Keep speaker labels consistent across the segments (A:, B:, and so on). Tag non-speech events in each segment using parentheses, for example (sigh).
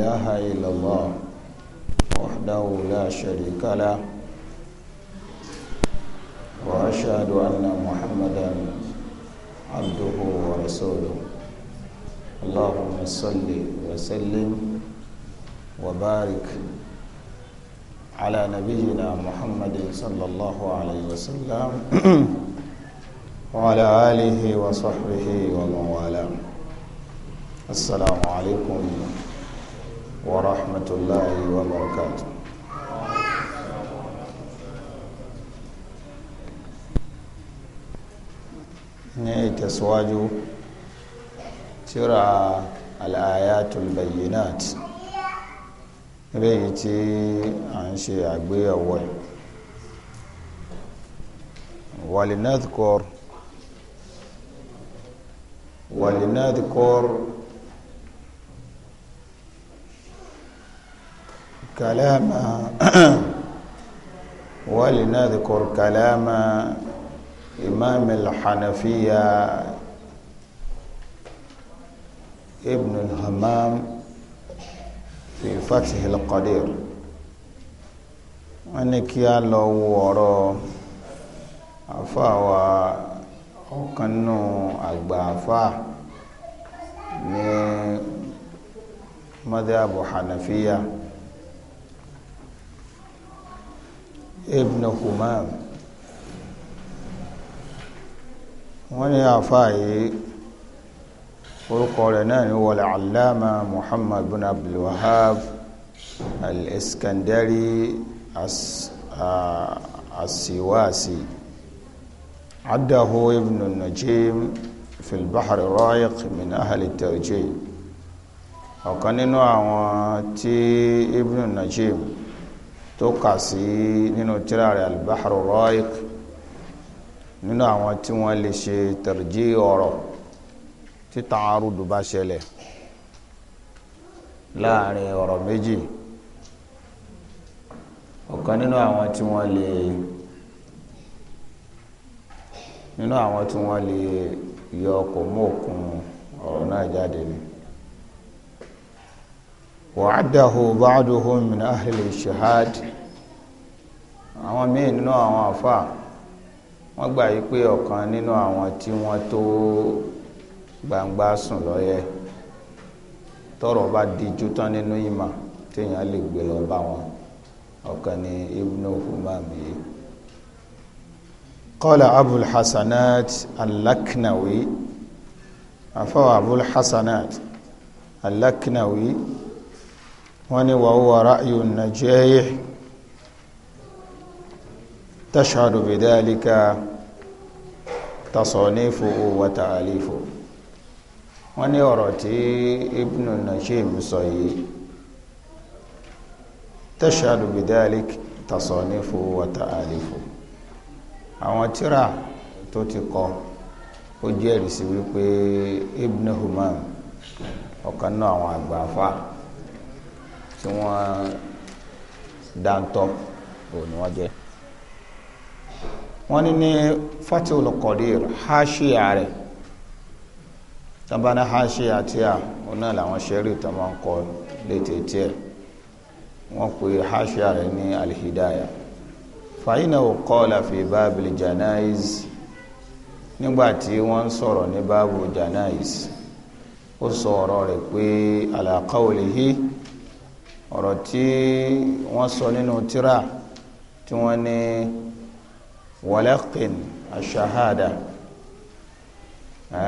A: إله إلا الله وحده لا شريك له وأشهد أن محمدا عبده ورسوله اللهم صل وسلم وبارك على نبينا محمد صلى الله عليه وسلم (clears throat) وعلى آله وصحبه ومن والاه السلام عليكم ورحمة الله وبركاته نيت أسواجه ترى الآيات البينات eléyìí tí a ń ṣe àgbéyẹ̀wò ẹ̀ walinadhkur كلام (clears throat) ولنذكر كلام إمام الحنفية ابن الهمام في فتح القدير أنك يا لو وراء أفاوى أكنو أكبافا من مذهب حنفيه ibn Humam wọ́n ní àfáà yìí orúkọ rẹ̀ náà ni wọlé alama Muhammad bin Abdul Wahhab al-Iskandari asiwasi عده ابن النجيم في البحر الرائق من أهل الترجيح ọ̀kan nínú àwọn tí ibn najim tó kà sí nínú tírà rẹ̀ al-Bahr ar-Ra'iq nínú àwọn tí wọ́n lè ṣe tẹ̀rẹ̀jì ọ̀rọ̀ tí tààrùdù bá ṣẹlẹ̀ láàrin ọ̀rọ̀ méjì ọ̀kan nínú àwọn tí wọ́n lè nínú àwọn tí wọ́n lè yọ ọkọ̀ mọ́ òkun ọ̀rọ̀ náà jáde ni. وعده بعضهم من أهل الشهاد àwọn míì nínú àwọn àfà wọ́n gbà yí pé ọ̀kan nínú àwọn tí wọ́n tó gbangba sùn lọ́yẹ tọ́rọ̀ bá díjú tán nínú ìmọ̀ téèyàn lè gbé lọ bá wọn ọ̀kan ní ibnu humam yìí qala abul hasanat al-laknawi àfọwọ́ wọ́n ní wa huwa ra'yun najih tashhadu bidhalika tasanifuhu wa ta'alifuhu wọ́n ní ọ̀rọ̀ tí Ibn Najih sọ yìí tashhadu bidhalika tasanifuhu wa ta'alifuhu àwọn tírà tó ti kọ ó jẹ́rìí sí wípé Ibn Humam ọ̀kan náà àwọn àgbà afáà tí wọ́n dáńtọ́ ò ní wọ́n jẹ́ wọ́n ní ní Fathul Qadir haṣíà rẹ̀ tábánà haṣíà tí a òun náà làwọn ṣẹ́rí tó máa ń kọ létètè ẹ̀ wọ́n pe haṣíà rẹ̀ ní alhidaya fàyínà ò qala fi babil janaiz nígbàtí wọ́n sọ̀rọ̀ ní báàbù janais ó sọ ọ̀rọ̀ rẹ̀ pé ala ọ̀rọ̀ tí wọ́n sọ nínú tírà tí wọ́n ní wọlẹ́kìn aṣahada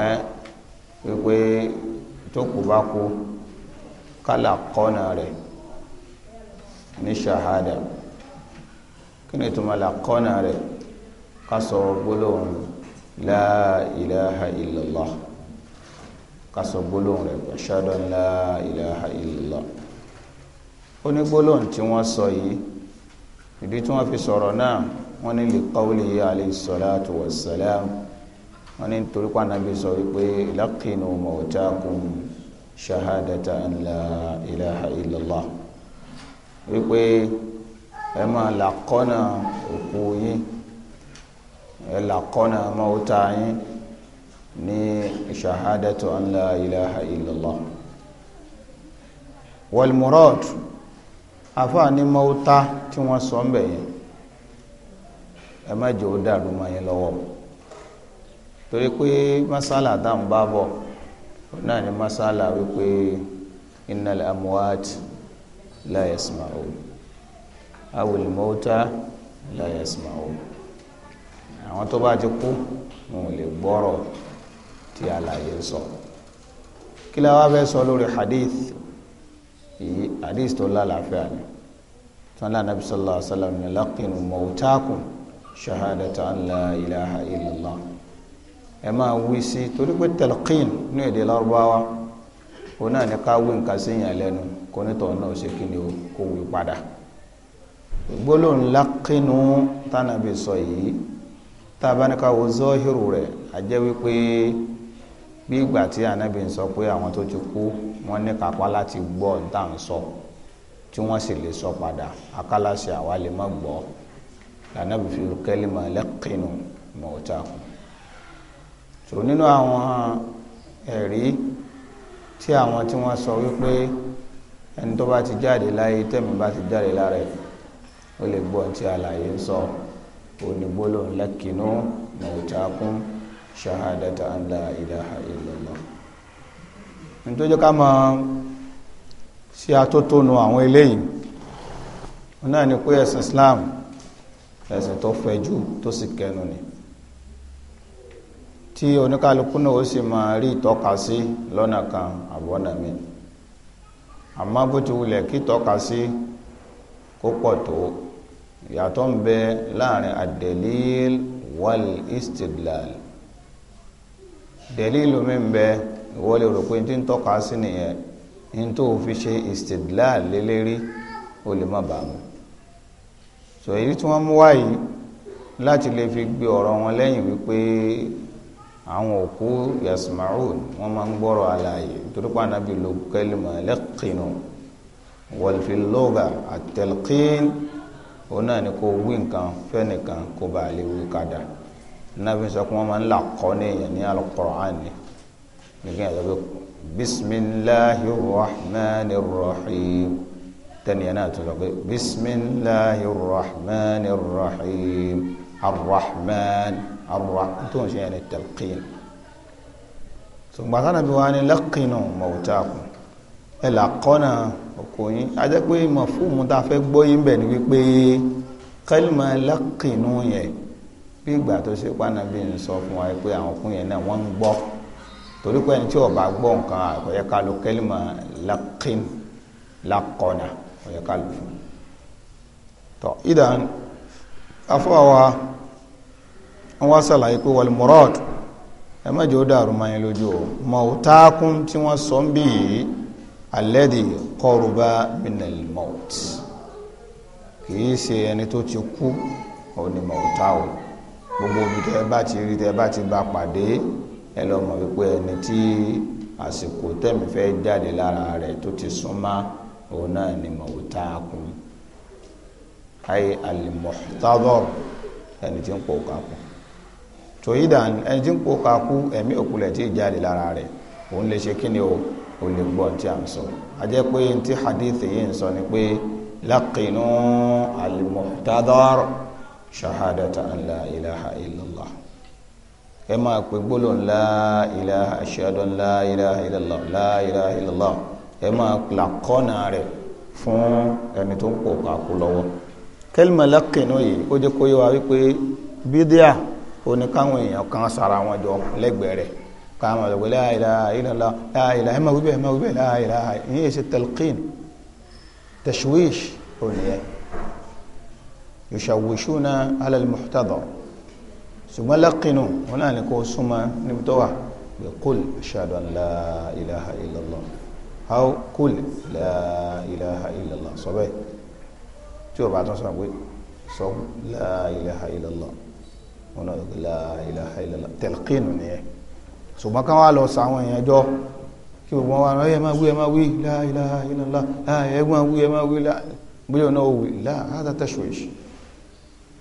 A: ẹ́ pípé tó kù bá kú kálà kọ́nà rẹ̀ ní ṣahada kí ni ìtumọ̀ là kọ́nà rẹ̀ ká sọ gbólóhùn la ilaha illallah ká sọ gbólóhùn rẹ̀ ashhadu an la ilaha onígbólóhùn tí wọ́n sọ yìí ìdí tí wọ́n fi sọ̀rọ̀ náà wọ́n ní lìkọ́wìlì alayhi salatu wassalam wọ́n ní torí pàǹdàbí sọ wípé laqinu mawtakum shahadata an la ilaha illallah wípé ẹ máa làkọ́nà òkú yín ẹ làkọ́nà mọ́ta yín ní shahadatu an la ilaha illallah wal murad àfáà ní mọ́ta tí wọ́n sọ ń bẹ̀ yẹn ẹ má jẹ́ ó dàrú mọ́ yẹn lọ́wọ́ torí pé masala tá à ń bá bọ̀ náà ni masala wípé innal amwat la yasma'u awil mọ́ta la yasma'u àwọn tó bá ti kú wọn ò lè gbọ́rọ̀ tí àlàyé sọ kí la wá fẹ́ sọ lórí hadith yìí àdéhìí tó lálàáfíà ni tọ́lá nàbí sallallahu alaihi wasallam ní lákìnnù mọ̀ọ́tàkùn ṣahadata an la ilaha illallah ẹ máa wí sí torí pé talqin ní èdè lárúbáwá ó náà ní ká wí nǹkan sí yàn lẹ́nu kó nítorí náà ṣe kí ni kó wí padà gbólóhùn lákìnnù tánàbí sọ yìí tá wo zọ́hírù rẹ̀ a bí ìgbà tí ànábì ń sọ pé àwọn tó ti kú wọ́n ní kápá láti gbọ́ ní tá à ń sọ tí wọ́n sì lè sọ padà akálàṣe àwa lè má gbọ́ lànàbí fi kẹ́límà lẹ́kìnnù mọ̀ọ́tàkùn. sọ nínú àwọn ẹ̀rí tí àwọn tí wọ́n sọ wípé ẹni tó bá ti jáde láyé tẹ̀mí bá ti jáde lára ó lè gbọ́ tí àlàyé ń sọ onígbólóhùn lẹ́kìnnù mọ̀ọ́tàkùn ṣahadata an la ilaha illallah nítorí jẹ́ ká máa ṣe atótónu àwọn eléyìí wọn náà ni pé ẹ̀sìn Islam ẹ̀sìn tó fẹ̀jú tó sì kẹnu ni tí oníkálukú náà ó sì máa rí ìtọ́ka sí lọ́nà kan àbọ̀nà mi àmọ́ bó ti wulẹ̀ kí ìtọ́ka sí kó pọ̀ tó ìyàtọ̀ ń bẹ láàrin àdẹ̀líl wal istidlal dẹ̀líl mi ń bẹ ìwọ lè rò pé ní tí ń tọ́ka sí nìyẹn ní tó fi ṣe istidlal lélẹ́rí o lè má bàa mu so èyí tí wọ́n mú wá yìí láti lè fi gbé ọ̀rọ̀ wọn lẹ́yìn wípé àwọn òkú yasmaun wọ́n máa ń gbọ́rọ̀ àlàyé torí pa ànábì ló kẹlìmọ lẹkìnnù wọlfìlọgà àtẹlẹkìn òun náà ni kò wí nǹkan fẹnìkan kò bá lè wí kadà nàbí sọ pé wọ́n máa ń là kọ́ ní ní alukọ̀rọ̀ àná nìkan yàtọ̀ pé bisimilahi rahmani rahim tẹ́ni yẹn náà tún sọ pé bisimilahi rahmani rahim arrahman arrahman tó ń ṣe yẹn ní talqin ṣùgbọ́n sanabi wa ni laqinu mawtakum ẹ là kọ́nà ọkọ yín a jẹ́ pé mọ̀fúùmù tá a fẹ́ gbọ́ yín bẹ̀ ni wípé kẹ́lìmọ̀ laqinu yẹn bí ìgbà tó ṣe ń sọ fún wa pé àwọn ọkùnrin yẹn náà wọ́n ń gbọ́ torí pé ẹni tí ó bá gbọ́ nǹkan kò yẹ ká lo kẹ́límà lakin lakọ̀nà kò yẹ ká lò fún tó idan afọ́wà wọ́n sàlàyé pé wal murad ẹ má jẹ́ ó dàrú máa lójú o mautakun tí wọ́n sọ ń bí yìí alladhi qaruba minal maut kìí ṣe ẹni tó ti kú òní mauta o gbogbo ibi tẹ́ bá ti rí tẹ́ bá ti bá pàdé ẹ lọ mọ̀ wípé ẹni tí àsìkò tẹ̀mí fẹ́ jáde lára rẹ̀ tó ti súnmọ́ òun náà ni mọ̀wútá kún ayé alimọ̀tàdọ̀r ẹni tí ń pò kakú tòyí dàn ẹni tí ń pò kakú ẹ̀mí òkulẹ̀ tí jáde lára rẹ̀ òun lè ṣe kíni o ò lè gbọ́ tí a ń sọ a pé tí hadith yìí ń sọ ni pé lákìnnú alimọ̀tàdọ̀r shahadata an ilaha illallah ẹ máa pè gbólóhùn la ilaha ashhadu an la ilaha illallah la ilaha illallah ẹ máa là kọ́nà rẹ̀ fún ẹni tó ń pò kàkú lọ́wọ́ kẹ́lìmọ̀ lákìnnú yìí ó jẹ́ kó yẹ wá wípé bídíà ó ní káwọn èèyàn kan sara wọn jọ lẹ́gbẹ̀ẹ́ rẹ̀ káwọn ọ̀dọ̀gbẹ́ la ilaha illallah la ilaha ẹ máa wíbẹ̀ ẹ máa wíbẹ̀ la ilaha ìyẹn èsì talqin ṣùgbọ́n lákínú wọn náà ní kó súnmọ́ níbi tó wà pé kúl ashhadu an la ilaha illallah aw kúl la ilaha illallah sọ bẹ́ẹ̀ tí o bá tún sọ pé sọ la ilaha illallah wọn náà yọkọ la ilaha illallah nìyẹn ṣùgbọ́n káwọn lọ sọ àwọn èèyàn jọ kí gbogbo wọn ẹ máa wí ẹ máa wí la ilaha ẹ máa wí ẹ máa wí la bóyá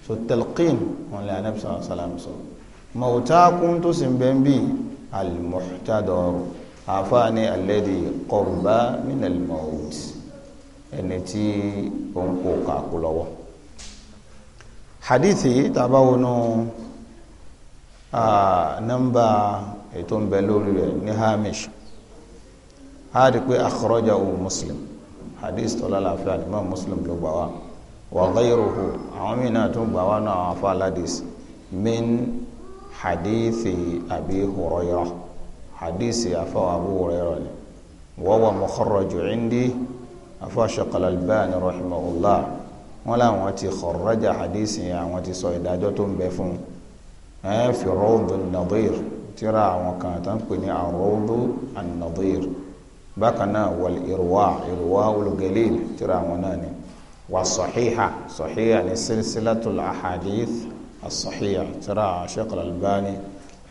A: so telqin wọn lè anabi sàlá sàlám sọ mọ̀tàkùn tó sì ń bẹ́ ń bí alimuhtadọ́rù àfáàní alẹ́dì kọ̀ọ̀bá min al-maut ẹni tí ó ń kó kàkú lọ́wọ́ hadithi tàbá wọnú nọ́mbà ètò ń bẹ lórí rẹ̀ ní hamish a rí pé akhrajahu muslim hadith tọ́lá láfíà ní muslim ló gbà wá wa ghayruhu àwọn míì náà tún gbà wá náà àwọn afọ aládìs min hadithi abi hurayra hadithi afọ abu hurayra ni wa huwa mukharraju indi afọ shaqal albani rahimahullah wọn làwọn ti kharraja hadithi yẹn àwọn ti sọ ìdájọ́ tó ń bẹ fún ẹ fi rawdu nadir tíra àwọn kan tó pè ní rawdu an bákan náà wal irwa irwa ul tíra àwọn náà ni. وصحيحة صحيحة لسلسلة الأحاديث الصحيحة ترى شيخ الألباني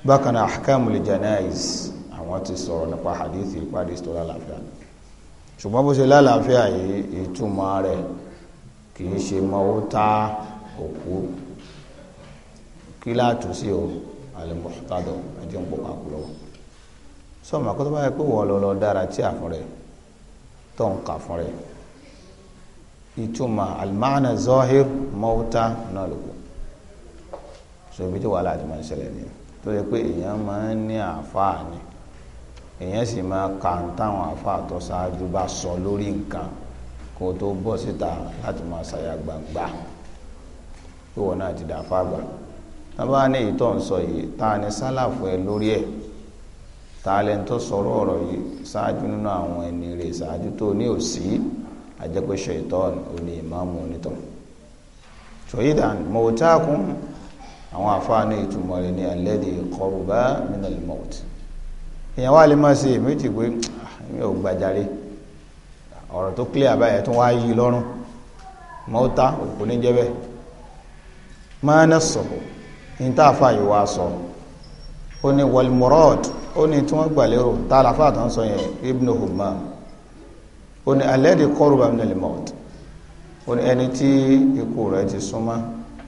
A: بكنا أحكام الجنائز àwọn ti sọ̀rọ̀ nípa hadithi ìpàdé tó lálàáfíà ṣùgbọ́n bó ṣe lálàáfíà yìí ìtumọ̀ rẹ̀ kì í ṣe mọ́wó tá òkú kí láàtú sí o alimọ̀tàdọ̀ ẹjẹ́ ń pọ̀pá kú lọ́wọ́ sọ́mà kó tó bá yẹ pé wọ́n lọ lọ dára tí àfún tó ń kà fún rẹ̀ ìtumọ̀ alimánà zọ́hìr mọ́wútà náà ló kù so ibi tí wàhálà ti máa ń ṣẹlẹ̀ nìyẹn tó yẹ pé èèyàn máa ń ní àáfàá ni èèyàn sì máa kà ń táwọn àáfàá tó ṣáájú bá sọ lórí nǹkan kó tó bọ́ síta láti máa ṣàyà gbangba pé wọn náà ti dà fáàgbà tábà ní ìtọ́ ń sọ yìí tá a sálàfù ẹ lórí ẹ̀ tá a sọ̀rọ̀ ọ̀rọ̀ yìí ṣáájú nínú àwọn ẹni rẹ̀ ṣáájú tó ní òsì yìí àjẹpẹ́ ṣaitan òní ìmáàmù onítọ̀ ṣòyídàn mọ̀ọ́tàkùn àwọn àfáàní ìtumọ̀ rẹ̀ ní alẹ́dì kọrùbá minal mọ̀t èèyàn wà lè máa ṣe méjì pé ah, mi ò gbàjáre ọ̀rọ̀ tó clear báyẹ̀ tó wá yí lọ́rùn mọ́ta òkú ní jẹ́bẹ̀ máa ná sọ̀rọ̀ ní tá yìí wá sọ ó ní walmurad ó ní tí wọ́n gbà lérò tá àlàfà tó ń sọ yẹn ibn humam ó ní alẹ́dẹ̀ kọ́rù bá nílẹ̀ mọ́t ó ní ẹni tí ikú rẹ̀ ti súnmọ́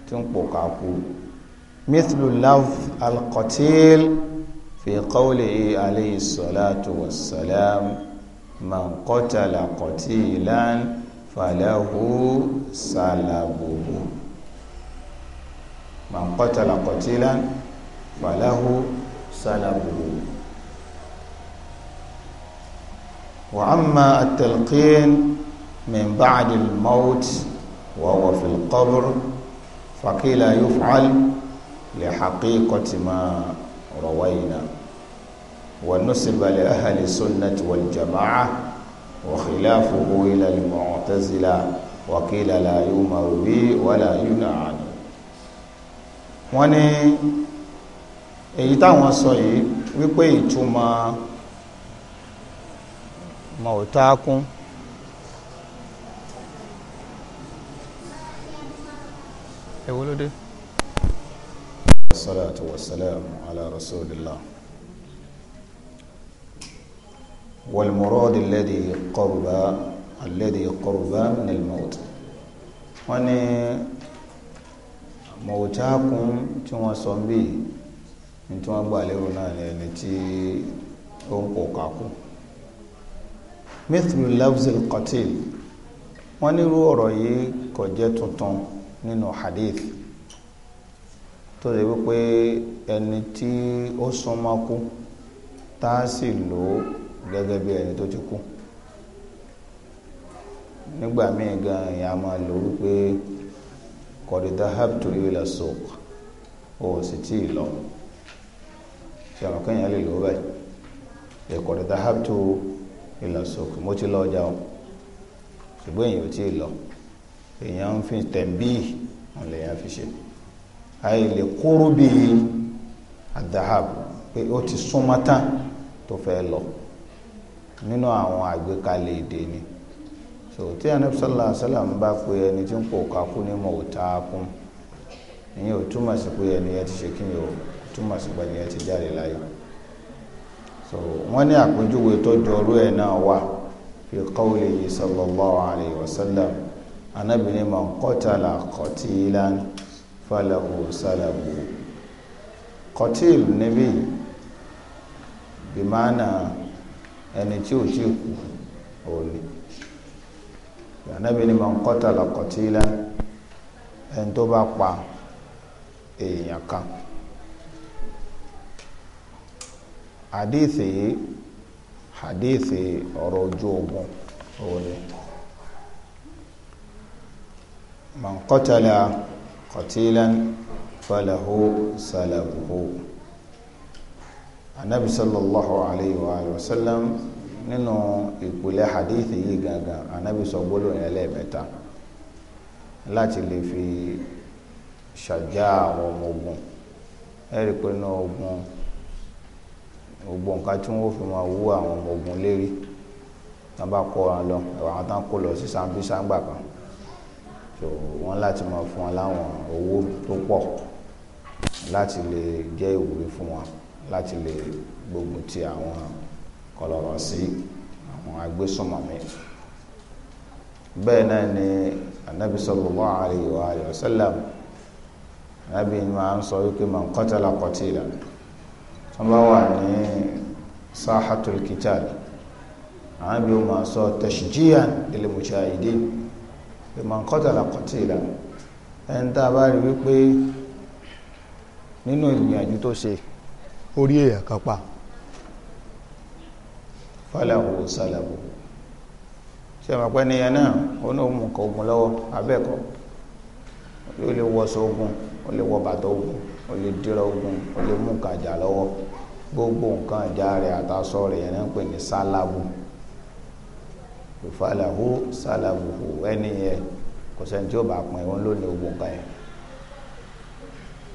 A: tí ń pòkà kú mithlu lav alqatil fi qawlihi alayhi salatu wassalam man qatala qatilan falahu salabuhu man qatala qatilan وأما التلقين من بعد الموت وهو في القبر فقيل يفعل لحقيقة ما روينا ونسب لأهل السنة والجماعة وخلافه إلى المعتزلة وقيل لا يؤمر به ولا ينعى wọ́n ní èyí táwọn sọ wípé ìtumọ̀ موتاكم ewolode. salatu wasalaam ala rasulillah walmurad alladhi qurba alladhi qurba min almaut wọ́n ní mọ̀wòtákùn tí wọ́n sọ ń bí ní tí wọ́n gbà lérò náà ní ẹni tí ó ń pò kákùn mithlu lafzil qatil wọ́n nírú ọ̀rọ̀ yìí kò jẹ́ tuntun nínú hadith tó ṣe wípé ẹni tí ó súnmọ́ kú tá a sì lò ó gẹ́gẹ́ bí ẹni tó ti kú nígbà míì gan èèyàn máa lò wípé kọ̀dídá habtu ila suq o sì tí ì lọ ṣe àwọn kéèyàn lè lò ó báyìí kọ̀dídá habtu ìlọsókè mo ti lọ ọjà o ṣùgbọ́n èyàn ò tí ì lọ èyàn ń fi tẹ̀m̀bí òun lèyàn fi ṣe àyè lè kóró bí adahab pé ó ti súnmọ́ tán tó fẹ́ lọ nínú àwọn àgbékalẹ̀ èdè ni so tí anabi sallallahu alaihi wasallam bá pe ẹni tí ń pò kakú ní mọ̀ọ́tàkùn ìyẹn ò túmọ̀ sí pé ẹni yẹn ti ṣe kí ni o túmọ̀ sí pé ẹni yẹn ti jáde láyé so wọ́n ní àpèjúwe tó jọrú ẹ̀ náà wà fi qawlihi sallallahu alayhi wa sallam anábìnrin man qatala qatilan falahu salabu qatil níbí bìmánà ẹni tí ò tí kú òní anábìnrin man qatala qatilan ẹni tó bá pa èèyàn kan. hadithi yìí hadithi ọ̀rọ̀ ojú ogun òní man qatala qatilan falahu salabuhu anabi sallallahu alayhi wa alayhi wa sallam nínú ìpìlẹ̀ hadithi yìí gangan anabi sọ gbólóhùn yẹn lẹ́ẹ̀mẹ́ta láti lè fi ṣàjá àwọn ogun ẹ̀rí pé nínú ogun. No gbogbo nǹkan tí wọ́n fi máa wú àwọn ọmọ ogun lérí tán bá kó wọn lọ àwọn tán kó lọ sí sambisa ńgbà kan so wọ́n láti máa fún wọn láwọn owó tó pọ̀ láti lè jẹ́ ìwúrí fún wọn láti lè gbógun ti àwọn kọlọ̀rọ̀ sí àwọn agbésùnmọ̀mí bẹ́ẹ̀ náà ni anabi sallallahu alayhi wa sallam anabi máa ń sọ wípé man qatala qatilan. wọ́n bá wà ní sahatul kitab àwọn ibi wọn máa sọ tashjiyan lil mujahidin man qatala qatila ẹni tá a bá rí wípé nínú ìgbìyànjú tó ṣe orí èèyàn kan pa falahu salabu ṣe àwọn apẹ́ni yẹn náà ó ní òun kọ ogun lọ́wọ́ abẹ́ẹ̀kọ́ ó lè wọ sọ ogun ó lè wọ bàtọ̀ ogun o lè dira ogun o lè mú nǹkan ìjà lọ́wọ́ gbogbo nǹkan ìjà rẹ̀ àtàsọ rẹ̀ yẹn ń pè ní sálàbù ìfàlàhù sálàbù ẹni yẹn kò sẹ́ni tí ó bá pin òun ló ní gbogbo yẹn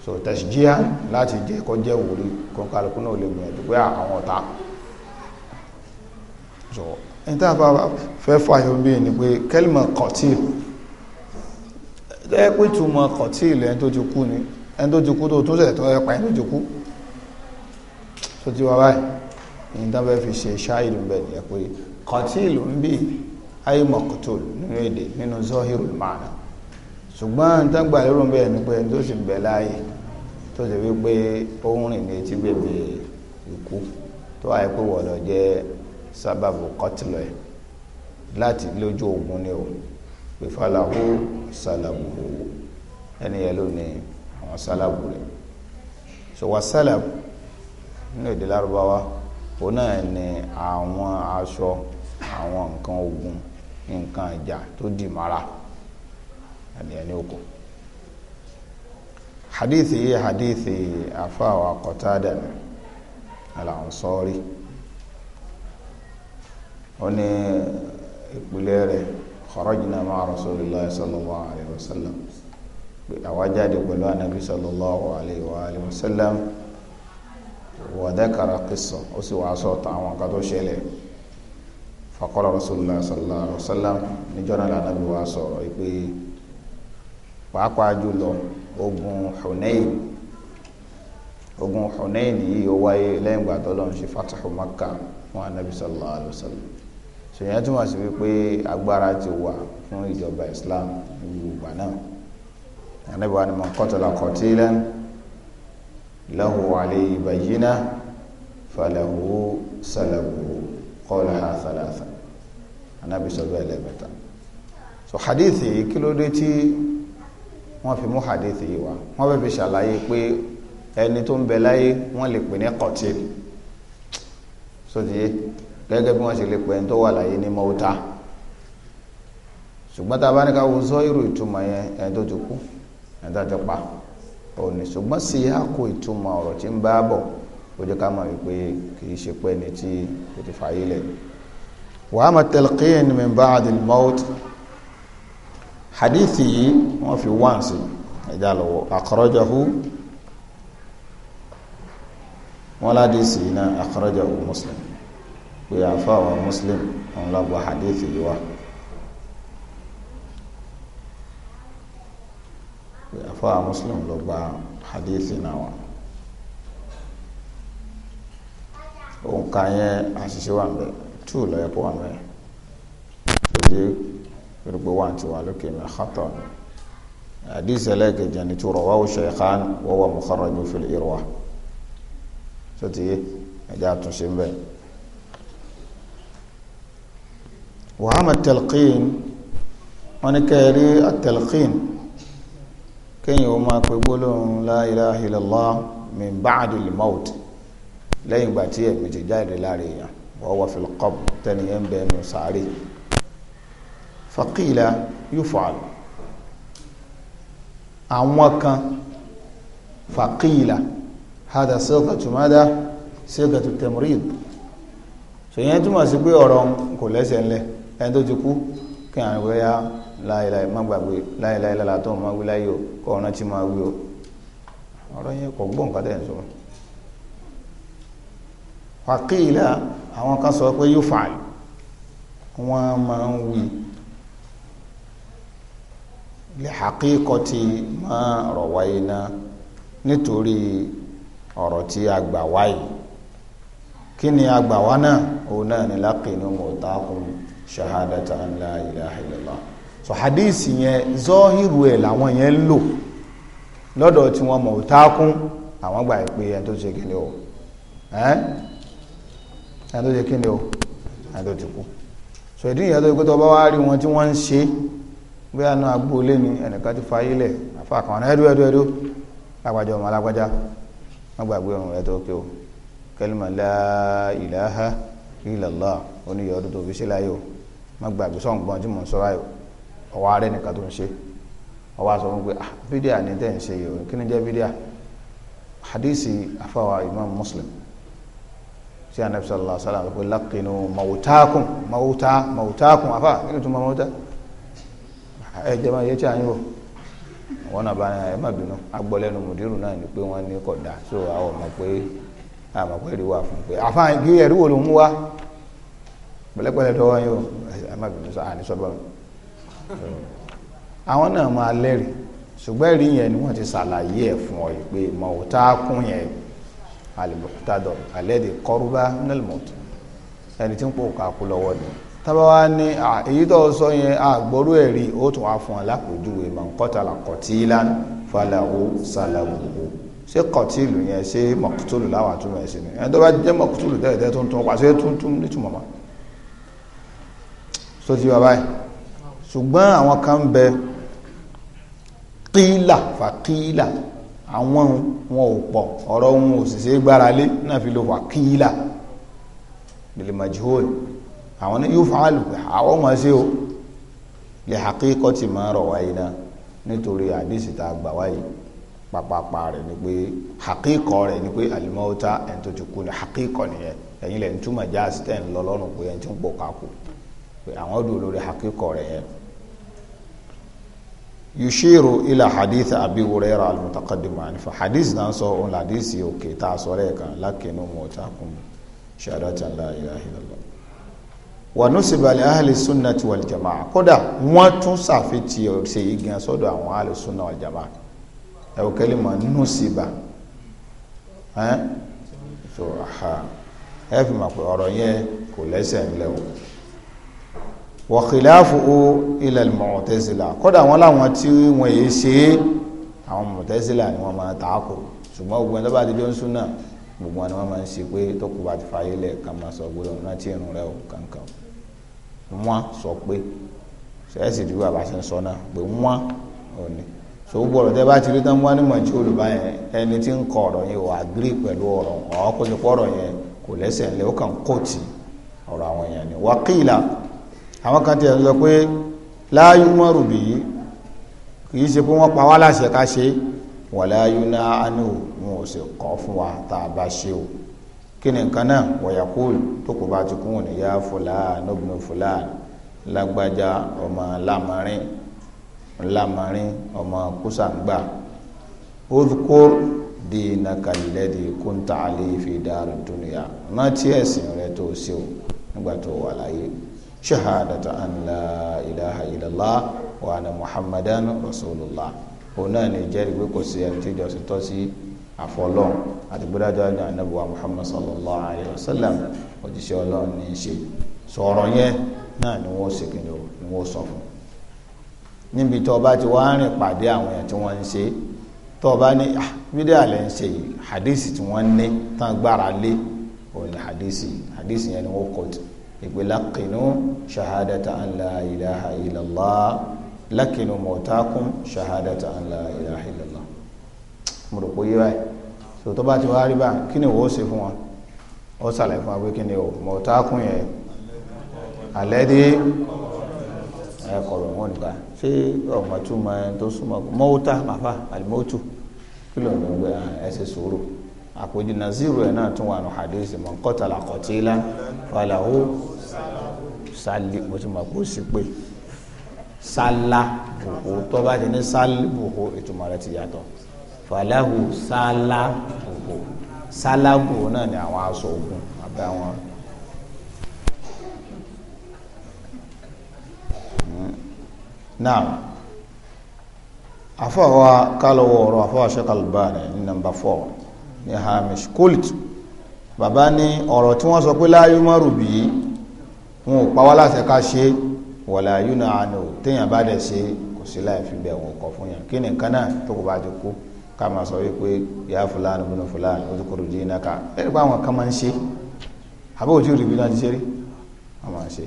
A: so tẹ̀síjíà láti jẹ́ kó jẹ́ wòlíì kó kálukú náà lè gbìyànjú pé àwọn ọ̀tá so ẹni tá a bá fẹ́ fàyọ bí ni pé kẹ́lìmọ̀ kọ̀tíìlì ẹ pé túmọ̀ kọ̀tíìlì ẹni tó ti kú ni ẹni tó ti kú tó tún sẹ̀ tó ẹ pa ẹni tó ti kú tó ti wá báyìí ní tán fẹ́ fi ṣe ṣáìlú bẹ̀ nìyẹn pé kọtíìlù ń bí ayé mọ̀kútùl nínú èdè nínú zọ́hírù màánà ṣùgbọ́n tán gbà lérò ń bẹ̀ ni pé ẹni tó sì bẹ̀ láàyè tó sì wí pé ó ń rìn ní etí bèbè ikú tó wáyé pé wọ́n lọ jẹ́ sábàbù kọtìlọ̀ ẹ̀ láti lójú ogun ni o pèfàlàwò sàlàwò ẹni yẹn lónìí àwọn sálàbù rẹ̀ so wà sálàbù nínú èdè lárúbáwá òun náà ni àwọn aṣọ àwọn nǹkan ogun nǹkan ìjà tó dì mara ẹni ẹni oko hadithi yìí hadithi afáwà Qatada ni al-Ansari ó ní ìpìlẹ̀ rẹ̀ kharajna ma'a Rasulillahi sallallahu alayhi wa sallam àwa jáde pẹ̀lú anabi sallallahu alayhi wa alayhi wa sallam wàdàkàrà kìsàn ó sì wàá sọ tán àwọn kan tó ṣẹlẹ̀ faqala rasulullah sallallahu alayhi wa sallam níjọ́ náà lànàbí wàá sọ̀rọ̀ pé pàápàá jùlọ ogun Hunayn ogun Hunayn yìí ó wáyé lẹ́yìn ìgbà tó lọ́n ṣe fatahu Makkah fún anabi sallallahu alayhi wa sallam ṣèyàn túmọ̀ sí wípé agbára ti wà fún ìjọba Islam ní gbogbo náà anabi wa ni man qatala qatilan lahu alayhi bayyina falahu salabu qalaha thalatha anabi sọ bẹ́ẹ̀ lẹ́ẹ̀mẹ́ta so hadithi kí ló dé tí wọ́n fi mú hadithi yìí wá wọ́n fẹ́ fi ṣàlàyé pé ẹni tó ń bẹ láyé wọ́n lè pè ní qatil sódìyé gẹ́gẹ́ bí wọ́n ṣe lè pè ẹni tó wà láyé ní mọ́ta ṣùgbọ́n tá a bá ní ká wo sọ irú ìtumọ̀ yẹn ẹni tó ti kú ẹ̀dá ti pa òní ṣùgbọ́n sí àkó ìtumọ̀ ọ̀rọ̀ tí ń bá bọ̀ ó jẹ́ ká mọ̀ wípé kì í ṣe pé ẹni tí kò ti fàyè lẹ̀ wa amma talqin min ba'di al-maut hadithi yìí wọ́n fi wá sí ẹ̀dá lọ́wọ́ akhrajahu wọ́n láti sí iná akhrajahu Muslim pé àfa àwọn Muslim òun lọ́gbọ̀ hadithi yìí wá. àfọwà muslim ló gba hadith náà wà òǹkà yẹn àṣìṣe wà nbẹ two ló yẹ kó wà nbẹ òye gbogbo wa ti wà lókè mi xatọ hadith ẹlẹ́gẹ̀jẹ̀ ni tó rọwá shaykhan wa huwa mukharraj fil irwa sotiye ẹ̀jẹ̀ àtúnṣe nbẹ. wàhámà talqin wọn ni kẹ́ẹ̀rí àtẹlqin kéèyàn ó máa pe gbólóhùn la ilaha illallah min ba'dil maut lẹ́yìn ìgbà tí ẹ̀mí ti jáde lára èèyàn wa huwa fil qabr tẹ́niyẹn bẹ́ẹ̀ nù sáré faqila yuf'al àwọn kan faqila hada sigatu mada sigatu tamrid sèyàn túmọ̀ sí pé ọ̀rọ̀ kò lẹ́sẹ̀ ńlẹ̀ ẹni tó ti kú kí àwọn ìwé ya láìláì má gbàgbé láìláì lálá tó má wí láyé o kọ́ ọ̀ràn tí má wí o ọ̀rọ̀ yẹn kò gbọ́n nǹkan tẹ̀ ń sọ. wàkìlá àwọn kan sọ pé yóò fà wọ́n máa ń wí lè hakíkọtì má rọ̀ wáyé náà nítorí ọ̀rọ̀ tí a gbà wáyé kí ni a gbà wá náà òun náà ni lákìnnú mọ̀ọ́tàkùn shahadatan la ilaha illallah so hadith yẹn zọ́hìrù ẹ̀ làwọn yẹn ń lò lọ́dọ̀ tí wọ́n mọ̀ òtákún àwọn gbà pé ẹni tó ṣe kíni o ẹni tó ṣe kíni o ẹni tó ti kú so ìdí ìyẹn tó ṣe pé tó bá wá rí wọn tí wọ́n ń ṣe bí àná agbóolé ni ẹnìkan ti fa ayélẹ̀ àfa àkàwọn ẹdú ẹdú ẹdú lágbájá ọmọ alágbájá wọn gbàgbé ọrùn rẹ tó kí o kẹlímà la ilaha illallah oníyọ ọdún tó fi ṣe láyé o wọn gbàgbé sọ̀ǹgbọ́n tí mò ń sọ láyé ọwọ́ arẹ nìkan tó ń ṣe ọwọ́ aṣọ wọn pé ah fídíà ní tẹ̀ ń ṣe yìí kí ni jẹ́ fídíà hadisi afawa imam muslim tí a nàbisa allah salam pé lakinu mawutakun mawuta mawutakun afa kí ni túmọ̀ mawuta ẹ jẹ́ máa yẹ tí a yín wò wọn náà bá ní ẹ má bínú agbọ́lẹ́nu mùdírù náà ni pé wọ́n ní kọ̀dá so àwọn ọmọ pé àmọ́ pé rí wà fún pé àfáàn kí ẹ̀rí wò ló mú wá pẹ̀lẹ́pẹ̀lẹ́ tọ́wọ́ yín o ẹ má bínú sọ àní sọ mi àwọn náà máa lẹ́rìí ṣùgbọ́n ẹ̀rí yẹn ni wọ́n ti ṣàlàyé ẹ̀ fún ọ pé mọ̀ọ́tá kún yẹn alìmọ̀tàdọ̀ alẹ́dẹ̀ kọ́rúbá nílmọ̀tò ẹni tí ń pò kákú lọ́wọ́ ni tábà wá ní èyí tó sọ yẹn àgbọ̀rú ẹ̀rí ó tún wá fún ọ lápòjúwe mọ̀ nkọ́tàlá kọ̀tílá falahu salamuhu ṣé kọ̀tílù yẹn ṣé mọ̀kútùlù láwà tún mọ̀ ẹ̀sìn ni ẹni tó bá jẹ́ mọ̀kútùlù tẹ́lẹ̀ tẹ́ tuntun wàṣẹ́ tuntun nítumọ̀ mọ́ sótì bàbá yìí ṣùgbọ́n àwọn kan bẹ kíílà fàkíílà àwọn wọn ò pọ̀ ọ̀rọ̀ wọn ò sì ṣe gbára lé náà fi lo fàkíílà bil majhul àwọn yóò fàálù àwọn ọmọ ṣe o lè àkíkọ́ ti máa rọ̀ wáyé náà nítorí àdéṣì tá a gbà wáyé pàpàpà rẹ̀ ni pé àkíkọ́ rẹ̀ ni pé àlùmọ́ọ́ta ẹni tó ti kú ni àkíkọ́ nìyẹn ẹ̀yin lẹ́yìn túmọ̀ jáàsì tẹ̀ ń lọ lọ́rùn pé ẹni tí ń pọ̀ káàkó pé àwọn dùn lórí àkíkọ́ rẹ̀ yẹn yushiru ila hadith abi huraira al-mutaqaddim anifa hadith náà sọ òun hadith yìí òkè tá a sọ lẹ́ẹ̀kan lákínú mọ̀ọ́tàkùn shahadatan la ilaha illallah wa nusiba li ahli sunnati wal jamaa kódà wọ́n tún ṣàfitì ṣe igan sọ́dọ̀ àwọn ahli sunna wal jamaa ẹ̀wọ̀n kẹ́lẹ́ mọ̀ nusiba ẹ̀ so ẹ̀ fi mọ̀ pé ọ̀rọ̀ yẹn kò lẹ́sẹ̀ ńlẹ̀ o wa khilafuhu ila al-mu'tazila kódà wọn làwọn tí wọn yìí ṣe àwọn mu'tazila ni wọn máa ta kò ṣùgbọ́n gbogbo ẹni tó bá ti jọ ń sún náà gbogbo wọn ni wọn máa ń ṣe pé tó kù bá ti fàyè lẹ̀ ká máa sọ gbọdọ̀ náà tí irun rẹ̀ ò kankan wọn sọ pé sẹ́ẹ̀sì tí bàbá ṣe ń sọ náà pé wọn ò ní so gbọ́dọ̀ tẹ́ bá ti rí tán wọ́n ní mọ̀jú olùbá ẹni tí ń kọ ọ̀rọ̀ yẹn ò àwọn kan tiẹ̀ ń sọ pé láàyè mọ́rù bì í kì í ṣe pé wọ́n pa wá láṣẹ ká ṣe wà láàyè náà ánú wọn ò sì kọ́ fún wa tá a bá ṣe o kí ni nǹkan náà wọ̀yàkú tó kò bá ti kún òní yá fúlàní obìnrin fúlàní lágbájá ọmọ lámarin lámarin ọmọ kúsàǹgbà udhkur dinaka alladhi kunta alayhi fi dar ad-dunya rántí ẹ̀sìn rẹ tó ṣe o nígbà tó wà láyé shahadata an la ilaha illallah wa anna muhammadan rasulullah òun náà ni ìjẹ́rìí pé kò sí ẹni tí ìjọsìn tọ́ sí àfọlọ́n àti gbọ́dájọ́ ní anábùwà muhammad sallallahu alayhi wa sallam òjíṣẹ́ ọlọ́run ní í ṣe sọ̀rọ̀ yẹn náà ni wọ́n sì kìnìún ni wọ́n sọ fún un níbi tó o ti wá rìn pàdé àwọn èèyàn tí wọ́n ń ṣe tó o ní fídíò ah, àlẹ́ ń ṣe yìí hadisi tí wọ́n ní tán gbára lé òun ni hadisi hadisi yẹn ni wọ́n kọ́ tù ìpè lákìnnú ṣahadata an la ilaha illallah lákìnnú mọ̀tákùn ṣahadata an la ilaha illallah mo rò pé yí báyìí so tó bá ti wá rí bá kí ni wọ́n ṣe fún wọn ó ṣàlàyé fún wa pé kí ni o mọ̀tákùn yẹn alẹ́ dé ẹ̀kọ̀rọ̀ wọn nípa ṣé ọ̀gbọ̀n túmọ̀ tó súnmọ́ mọ́wútà màfà àlùmọ́tù kí ló ń gbé ẹ àpèjì nàzírù ẹ̀ náà tún wà nù hadith man qatala qatilan falahu sálì mo ti mọ̀ kó sí pé sálà bùkù tó bá ti ní sálì bùkù ìtumọ̀ rẹ̀ ti yàtọ̀ falahu sálà bùkù sálà bùkù náà ni àwọn aṣọ ogun àbẹ́ àwọn. naam afọwọ kálọwọ ọ̀rọ̀ afọwọ ṣe kalbani ní nàmbà fọwọ. Ni hamish colt bàbá ní ọ̀rọ̀ tí wọ́n sọ pé láyé mọ́rù bí wọn ò pa wá láṣẹ ká ṣe wọ̀lá yúnà àánú téèyàn bá dẹ̀ ṣe kò sí láì fi bẹ̀ wọn kọ̀ fún yàn kí ni nǹkan náà tó kò bá ti kú ká máa sọ wípé yá fúlàní bínú fúlàní ó ti kúrò dín iná ká ẹ̀rí pé àwọn kan máa ń ṣe àbí òjú rí náà ti ṣe rí wọ́n máa ń ṣe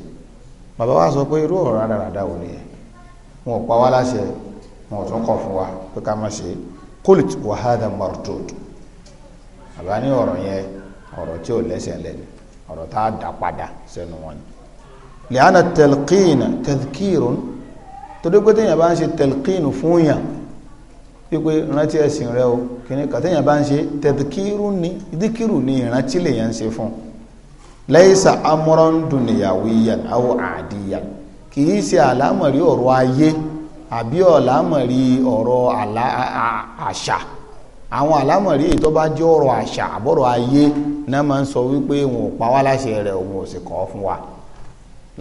A: bàbá wa sọ pé irú ọ̀rọ̀ rádaràda wò nìyẹn wọn ò pa wá àbá ní ọ̀rọ̀ yẹn ọ̀rọ̀ tí ò lẹ́sẹ̀ lẹ́nu ọ̀rọ̀ tá a dà padà sẹ́nu wọn ni. lẹ́hànà tẹ̀lkìn tẹ̀kìrún torí pé téèyàn bá ń ṣe tẹ̀lkìn fún yàn wípé ìrántí ẹ̀sìn rẹ o kìnnì kan téèyàn bá ń ṣe tẹ̀kìrún ni ìrántí lèèyàn ń ṣe fún lẹ́yìísà amúrán dùnìyàwó yàn áwọ̀ àdìyàn kì í ṣe àlámọ̀rí ọ̀rọ̀ ayé àbí ọ̀lámọ̀rí ọ̀rọ̀ àṣà àwọn àlámọ̀rí èyí tó bá jẹ́ ọ̀rọ̀ àṣà àbọ̀rọ̀ ayé náà máa ń sọ wípé wọn ò pa wá láṣẹ rẹ̀ òun ò sì kọ́ fún wa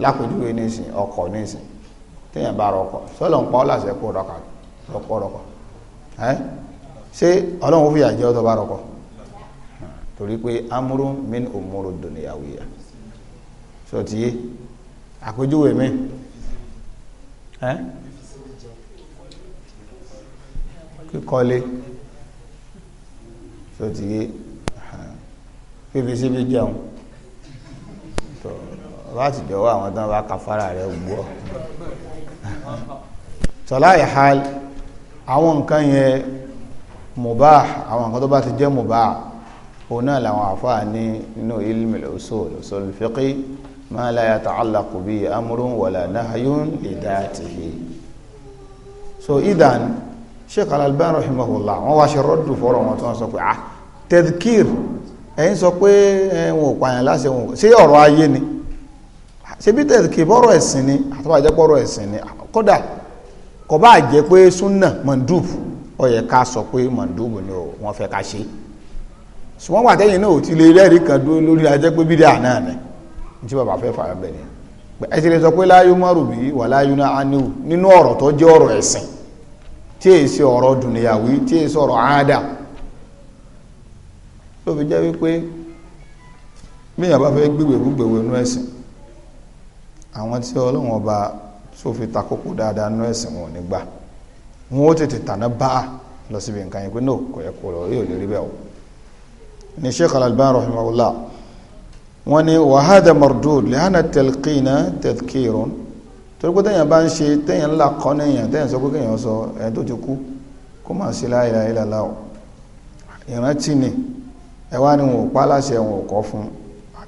A: lápèjúwe nísìn ọkọ̀ nísìn téèyàn bá rọkọ̀ sọ́lọ̀ ń pa ọ́ láṣẹ kó rọkọ̀ rọkọ̀ rọkọ̀ ẹ́ ṣé ọlọ́run fìyà jẹ́ ọ́ bá rọkọ̀ torí pé amúrú min òmùrú dùnìyàwó yà sọ yé àpèjúwe mi ẹ́ kíkọ́lé. Eh? tó ti yé fífi síbi jẹun tó láti jọ wá àwọn tán bá kàfàrà rẹ̀ gbọ́ sọláyà hal àwọn nǹkan yẹn mubah àwọn nǹkan tó bá ti jẹ́ mubah òun náà làwọn àfáà ní inú ilmi al-usul usul al-fiqi ma la yata'allaqu bihi amrun wala nahyun li dhatihi so idan sheikh al-Albani rahimahullah wọn wá ṣe rọdù fọrọ wọn tí wọn sọ pé ah tedkir ẹ̀yin sọ pé wọn ò pààyàn láṣẹ wọn ṣé ọ̀rọ̀ ayé ni ṣé bí tedkir bọ́rọ̀ ẹ̀sìn ni àtọ́bàjẹ́ bọ́rọ̀ ẹ̀sìn ni kódà kò bá jẹ́ pé súnà mandub ó yẹ ká sọ pé mandub ni wọ́n fẹ́ ká ṣe ṣùgbọ́n wà tẹ́yìn náà ò ti lè rẹ́rìí kan dúró lórí ajẹ́ pé bídẹ́ àná ni tí bàbá fẹ́ fara bẹ̀ ni ẹ ti lè sọ pé láyé márùn bí wà láyé náà á nínú ọ̀rọ̀ tó jẹ́ ọ̀rọ̀ ẹ̀sìn tí èsì ọ̀rọ̀ dùnìyàwó tí èsì ọ̀rọ̀ àádà ló fi jẹ́ wípé bíyàn bá fẹ́ gbígbè gbígbèwé inú ẹ̀sìn àwọn tí ọlọ́run ọba tó fi takókò dáadáa inú ẹ̀sìn wọn nígbà wọn ó tètè tàná bá lọ síbi nǹkan yẹn pé náà kò yẹ kó lọ yóò lè rí bẹ́ẹ̀ o ni sheikh al-albani rahimahullah wọ́n ní wàhádà mardud lẹ́hánà tẹ̀lkínà tẹ̀kírun torí pé tẹ́yàn bá ń ṣe tẹ́yàn ńlá kọ́ nìyàn tẹ́yàn sọ pé kéèyàn sọ ẹ̀ tó ti kú kó máa ṣe la ilaha ìrántí ni ẹ wá ní wọn ò pa láṣẹ wọn ò kọ́ fún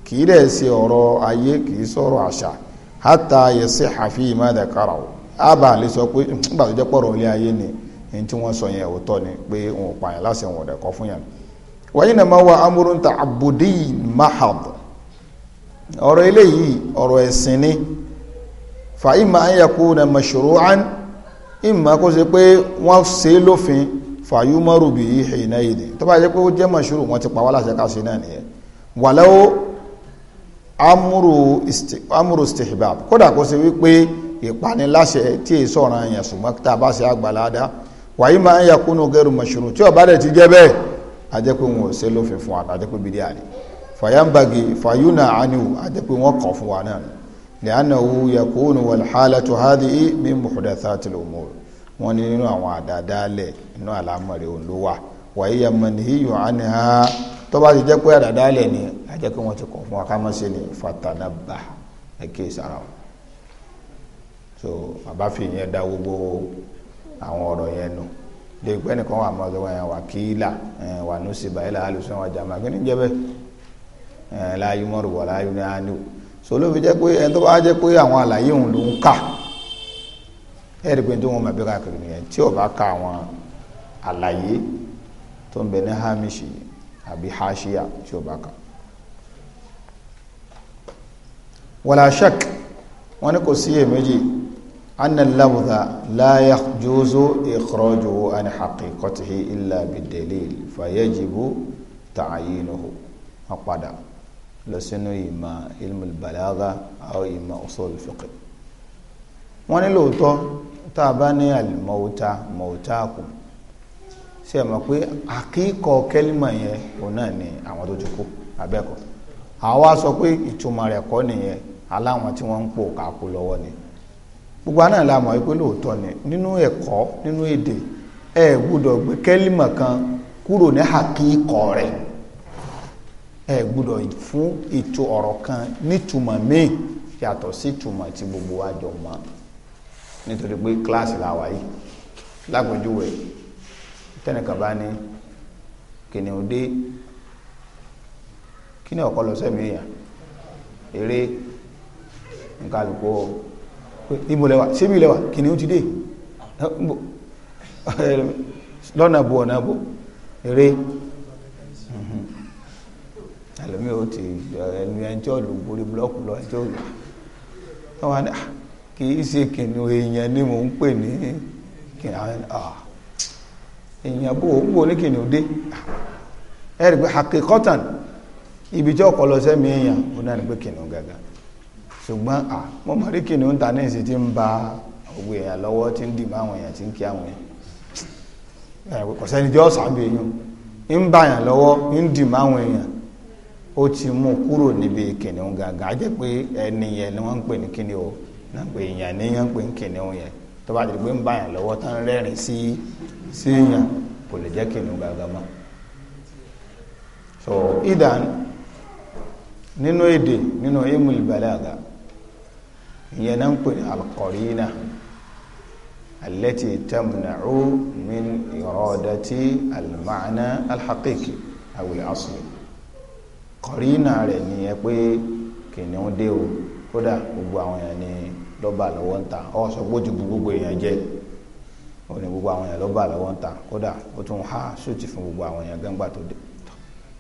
A: kì í dẹ̀ ṣe ọ̀rọ̀ ayé kì í sọ̀rọ̀ àṣà hátà yẹsẹ̀ àfi ìmọ̀dàkàrà o ábà lè sọ pé hm, nígbà tó jẹ́ pọ̀rọ̀ ilé ayé ni ní tí wọ́n sọ yẹn òótọ́ ni pé wọn ò pààyàn láṣẹ wọn ò dẹ̀ fún yẹn wáyé nàmá wa amúrún ta àbùdí mahad ọ̀rọ̀ eléyìí ọ̀rọ̀ ẹ̀sìn ni fa ìmọ̀ ayẹ̀kú na mashru'an ìmọ̀ kó ṣe pé wọ́n ṣe lófin fàyúmọ́rù bí i hìnà èdè tó bá jẹ́ pé ó jẹ́ mọ̀ṣúrù wọn ti pa wá láṣẹ ká ṣe náà nìyẹn wàlẹ́wó amúrù istihbab kódà kó ṣe wípé ìpaniláṣẹ tí èso ọ̀ràn yẹn ṣùgbọ́n tá a bá ṣe àgbàládá wàyí máa ń yakúnú gẹrù mọ̀ṣúrù tí ọba dẹ̀ ti jẹ́ bẹ́ẹ̀ a jẹ́ pé wọn ò ṣe lófin fún wa a jẹ́ pé bídí àní fàyàǹbàgì fàyúnà àníwò a jẹ́ pé wọ́n kọ̀ fún wa náà lẹ́yìn náà yakúnú wàlhálà tó hádìí min wọ́n ní nínú àwọn àdàdálẹ̀ nínú àlámọ̀rẹ́ òun ló wà wàyí yamani yíyọ àníhà tó bá ti jẹ́ pé àdàdálẹ̀ ni lájẹ́ pé wọ́n ti kọ̀ fún wa ká má ṣe ni fatana ba, kí sara o so bàbá fi yẹn dá gbogbo àwọn ọ̀rọ̀ yẹn nù lè pẹ́ nìkan wà mọ́ ọ̀dọ́wọ́ yẹn wà kíílà wà nùsí bàyílà alùsùn wà jàmbá kí ni jẹ́ bẹ́ẹ̀ láyé mọ́rù wà láyé ní àánú so ló fi jẹ́ pé ẹni tó bá jẹ́ pé àwọn àlàyé òun ló ń kà ẹ̀rí pé tí wọ́n máa bí káàkiri nìyẹn tí ó bá ka àwọn àlàyé tó ń bẹ ní hamishi àbí hashiya tí ó bá ka. wala shak wọn ni kò sí iyèméjì anna lawda la yajuzu ikhrajuhu an haqiqatihi illa bidalil fayajibu ta'yinuhu wọn padà lọ sínú ìmọ̀ ilmul balagha àwọn ìmọ̀ usul fiqh wọn ni lóòótọ́ tá a bá ní àlùmọ̀ọ́ta mọ̀ọ́ta kù ṣe mọ̀ pé àkíkọ kẹ́límà yẹn òun náà ni àwọn tó ti kú abẹ́kọ̀ àwa sọ pé ìtumọ̀ rẹ̀ kọ́ nìyẹn aláwọn tí wọ́n ń pò káàkó lọ́wọ́ ni gbogbo àná la mọ̀ lóòótọ́ ni nínú ẹ̀kọ́ nínú èdè ẹ gbúdọ̀ gbé kẹ́límà kan kúrò ní rẹ̀ ẹ gbúdọ̀ fún ètò ọ̀rọ̀ kan nítumọ̀ míì yàtọ̀ sí ìtumọ̀ gbogbo wa jọ nítorí pé kíláàsì la wà yìí lágbójúwẹ̀ tẹ́nìkan bá kìnìún dé kí ni ọ̀kọ́ lọ sẹ́mi èèyàn eré nǹkan àlùkò ibo lẹwà síbi lẹwà kìnìún ti dé (laughs) lọ́nà bo ọ̀nà bo eré ẹlòmíì ó ti ẹni ẹni tí ó lù borí búlọ́ọ̀kù lọ ẹni tí ó lù kì í ṣe kìnìún èèyàn ni mò ń pè ní èèyàn bó ń bò ní kìnìún dé pé ibi tí ọkọlọ sẹ́mi èèyàn ó náà ní pé kìnìún gàgà ṣùgbọ́n à mo mọ̀ rí kìnìún ta ní ìsìn tí ń ba òwe èèyàn lọ́wọ́ tí ń dì mọ́ àwọn tí ń kí àwọn èèyàn kò sẹ́ni jọ́ sàbí èèyàn ń bàyàn lọ́wọ́ ń dì ti mú kúrò níbi kìnìún gàgà á jẹ́ pé ẹni yẹn ni wọ́n ń pè náà pé èèyàn níyàn pé ń kìnìún yẹn tó bá ti di pé ń bá yàn lọ́wọ́ tán rẹ́rìn sí sí èèyàn kò lè jẹ́ kìnìún gàgà mọ́ so idan nínú èdè nínú emul balaga ìyẹn náà ń pè ní alqarina allati tamna'u min iradati alma'na alhaqiqi awil asli kọ̀rínà rẹ̀ nìyẹn pé kìnìún dé o kódà gbogbo àwọn èèyàn ni lọ́ba lọ́wọ́ ń ọ sọ pé ó ti bu gbogbo èèyàn jẹ ó ní gbogbo àwọn èèyàn lọ́ba ń ta kódà ó tún ha sùtì fún gbogbo àwọn èèyàn gángbà tó dé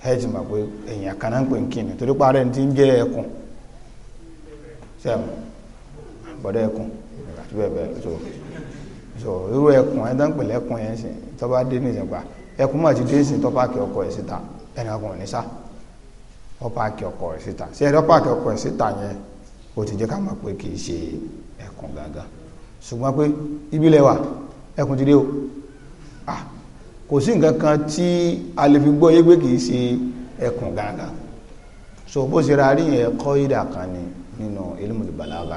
A: ẹ ti pé èèyàn kan náà ń pè ń kíni torí pa ara ẹni so so irú ẹkùn ẹni tó ń pè yẹn sìn dé ẹkùn ti dé sìn tó páàkì ọkọ̀ ọ ọkọ síta ó ti jẹ́ ká mọ̀ pé kì í ṣe ẹkùn gangan ṣùgbọ́n pé ibílẹ̀ wà ẹkùn ti dé o kò sí nǹkan kan tí a lè fi gbọ́ yé pé kì í ṣe ẹkùn gangan so bó ṣe ra rí yẹn kọ́ ìdà kan ni nínú ilmu balaga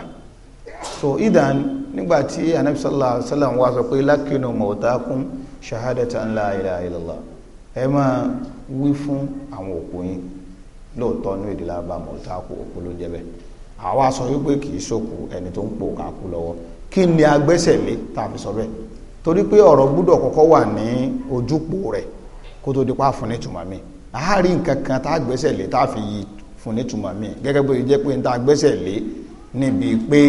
A: so idan nígbà tí anabi sallallahu alaihi wasallam wa sọ pé lákínú mọ̀ọ́tàkùn ṣahadata la ilaha illallah ẹ máa wí fún àwọn òkú yín lóòótọ́ ní èdè lábàá òkú ló jẹ́ bẹ́ẹ̀ àwa sọ wípé kì í ṣòkù ẹni tó ń pò káàkú lọ́wọ́ kí ni agbẹ́sẹ̀ lé tá a fi sọ bẹ́ẹ̀ torí pé ọ̀rọ̀ gbúdọ̀ kọ́kọ́ wà ní ojúpò rẹ̀ kó tó dípá fún nítumọ̀ mi àárín nǹkan kan tá a gbẹ́sẹ̀ lé tá a fi yí fún nítumọ̀ mi gẹ́gẹ́ bó jẹ́ pé tá a gbẹ́sẹ̀ lé níbi pé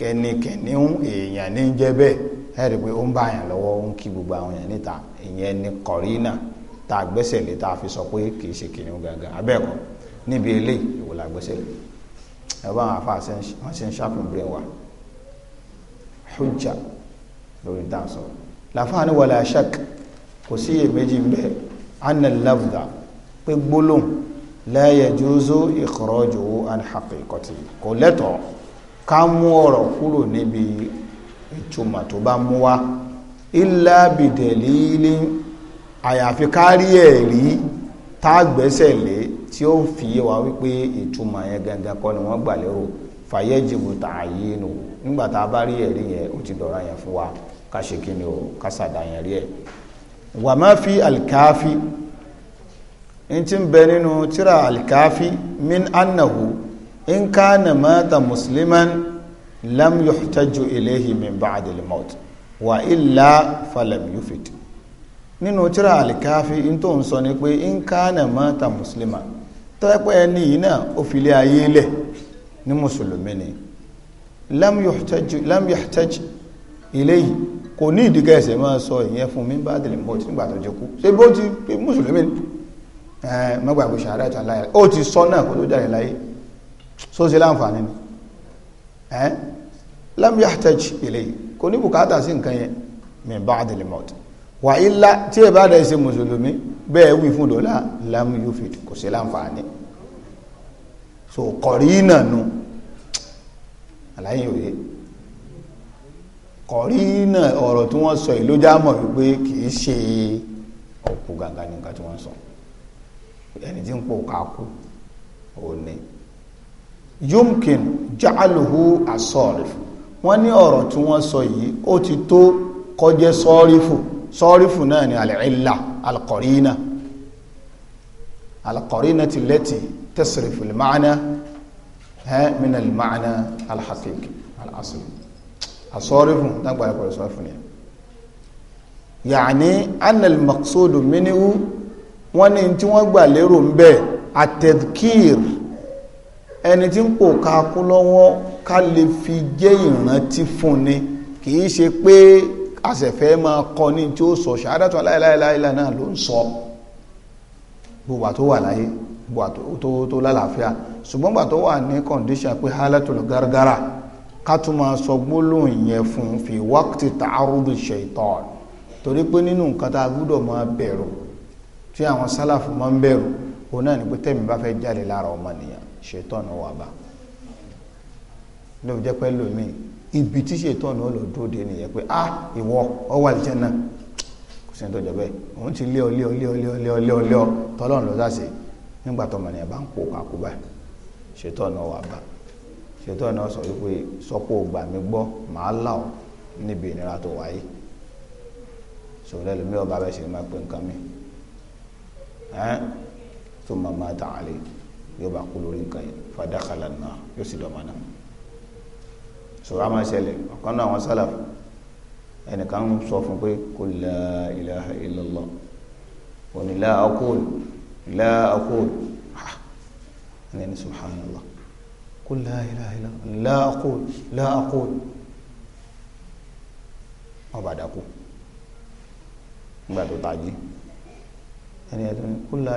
A: kẹnikẹni èèyàn ní jẹ́ bẹ́ẹ̀ ẹ rí i pé ó ń bá àyàn lọ́wọ́ ó ń kí gbogbo àwọn èèyàn níta ìyẹn ni kọ̀rínà tá a gbẹ́sẹ̀ lé tá a fi sọ pé kì í ṣe kìnìún gàgà abẹ́ẹ̀kọ́ níbi eléyìí ìwòlà gbẹ́sẹ̀ lé ẹ̀rọ àwọn afa wọn ṣe ń ṣàfihàn brain wa hujja lórí dáńsọ làfáàní wàlẹ̀ àṣàk kò sí iyèméjì bẹ́ẹ̀ anna lafda pé gbólóhùn la yajuzu ikhrajuhu an haqiqati kò lẹ́tọ̀ọ́ ká mú ọ̀rọ̀ kúrò níbi ìtumọ̀ tó bá mú wá illa bidalilin àyàfi ká rí ẹ̀rí lé tí ó fi yé wa wípé ìtumọ̀ yẹn gangan kọ́ ni wọ́n gbà lérò fàyẹ́jìbù tààyè nù nígbà tá a bá rí ẹ̀rí yẹn ó ti dọ̀ra yẹn fún wa ká ṣe kí ni o ká ṣàdá yẹn rí ẹ̀. wà má fi alikaafi n ti bẹ nínú tíra alikaafi min annahu in kana mata musliman lam yuhtaju ilayhi min ba'd al-maut wa illa falam yufit nínú tíra alikaafi n tó ń sọ ni pé in kana mata musliman tọ́jọ́pẹ́ ẹni yìí náà ó fi lé ayé lẹ̀ ní mùsùlùmí ni lam yuhtaj lam yuhtaj ilayhi kò ní ìdíkẹ́ ẹ̀sẹ̀ máa sọ ìyẹn fún mi bá dìlẹ̀ mọ́ nígbà tó jẹ́ kú ṣé bó ti pé mùsùlùmí ni ẹ̀ mọ́gbàgbé ṣàrá ìtàn láyé ó ti sọ náà kó tó jáde láyé só ṣe láǹfààní ni ẹ̀ lam yuhtaj ilayhi kò ní bùkátà sí nǹkan yẹn min bá dìlẹ̀ mọ́ tí ẹ bá dẹ̀ ṣe mùsùlùmí bẹ́ẹ̀ wí fún dọ́là lam yufid kò sí láǹfààní so kọ̀rí náà nu àlàyé òye kọ̀rí náà ọ̀rọ̀ tí wọ́n sọ yìí ló já mọ̀ wípé kì í ṣe ọ̀pù gàgà ní nǹkan tí wọ́n sọ ẹni tí ń pò káàkú òní yomkin ja'aluhu asọ́rìfù wọ́n ní ọ̀rọ̀ tí wọ́n sọ yìí ó ti tó kọjẹ́ sọ́rìfù so, sọ́rífù náà ni alìlà alkọ̀rínà alkọ̀rínà ti lẹ́tì tẹ́sìrìfù lìmáàná hẹ́mìnà lìmáàná alhàkíkì alásìlì asọ́rífù dágbà ẹ̀kọ́ ìsọ́rífù ni yàní annal maksudu minihu wọ́n ní tí wọ́n gbà lérò ń bẹ́ atẹ́kìr ẹni tí ń pò kakú lọ́wọ́ ká lè fi jẹ́ ìrántí fún ni kì í ṣe pé àṣẹ̀fẹ́ máa kọ ní tí ó sọ ṣàádàtọ̀ aláìláìláìlá náà ló ń sọ gbogbo tó wà láyé gbogbo tó lálàáfíà ṣùgbọ́n gbà tó wà ní kọ̀ndíṣà pé hálàtùlù gárgárà ká tún máa sọ gbólóhùn yẹn fún fi wákìtì tààrùdù ṣaitan torí pé nínú nǹkan tá a gbúdọ̀ máa bẹ̀rù tí àwọn sálàfù máa ń bẹ̀rù òun náà ni pé tẹ̀mí bá fẹ́ jáde lára ọmọnìyàn ṣaitan wà bá lóòjẹ́ pẹ́ lómìn ibi tí ṣètọ́nù ó lọ dúró dé nìyẹn pé ah ìwọ ọwọ́ àlìjẹ́nà kò sí ẹ̀tọ́ jọ̀bẹ́ òun ti lé ọ lé ọ lé ọ lé ọ lé ọ lé ọ lé ọ tọ́lọ́run ló sàṣe nígbà tó mọ̀ nìyẹn bá ń pò kàkúbà ṣètọ́nù ọwọ́ àbá ṣètọ́nù ọ̀sọ̀ wípé sọ́pọ̀ ògbà mi gbọ́ màá là ọ níbi ìnira tó wáyé sọ̀rọ̀ ẹlòmíì ọba bẹ́ẹ̀ ṣe máa pè nǹkan mi ẹ́n tó máa máa tàn án lé yóò bá kú lórí nǹkan yìí fàdákàlà náà yóò sì dọ̀ mọ́ náà ṣòro àmọ́ ṣẹlẹ̀ ọ̀kan náà àwọn sálàf ẹnìkan ń sọ fún pé kò la ilaha illallah ò ní la aqul la aqul ah, ẹni ní subhanallah kò la ilaha illallah la aqul la aqul ọba àdàkù nígbà tó tají ẹni ẹni kò la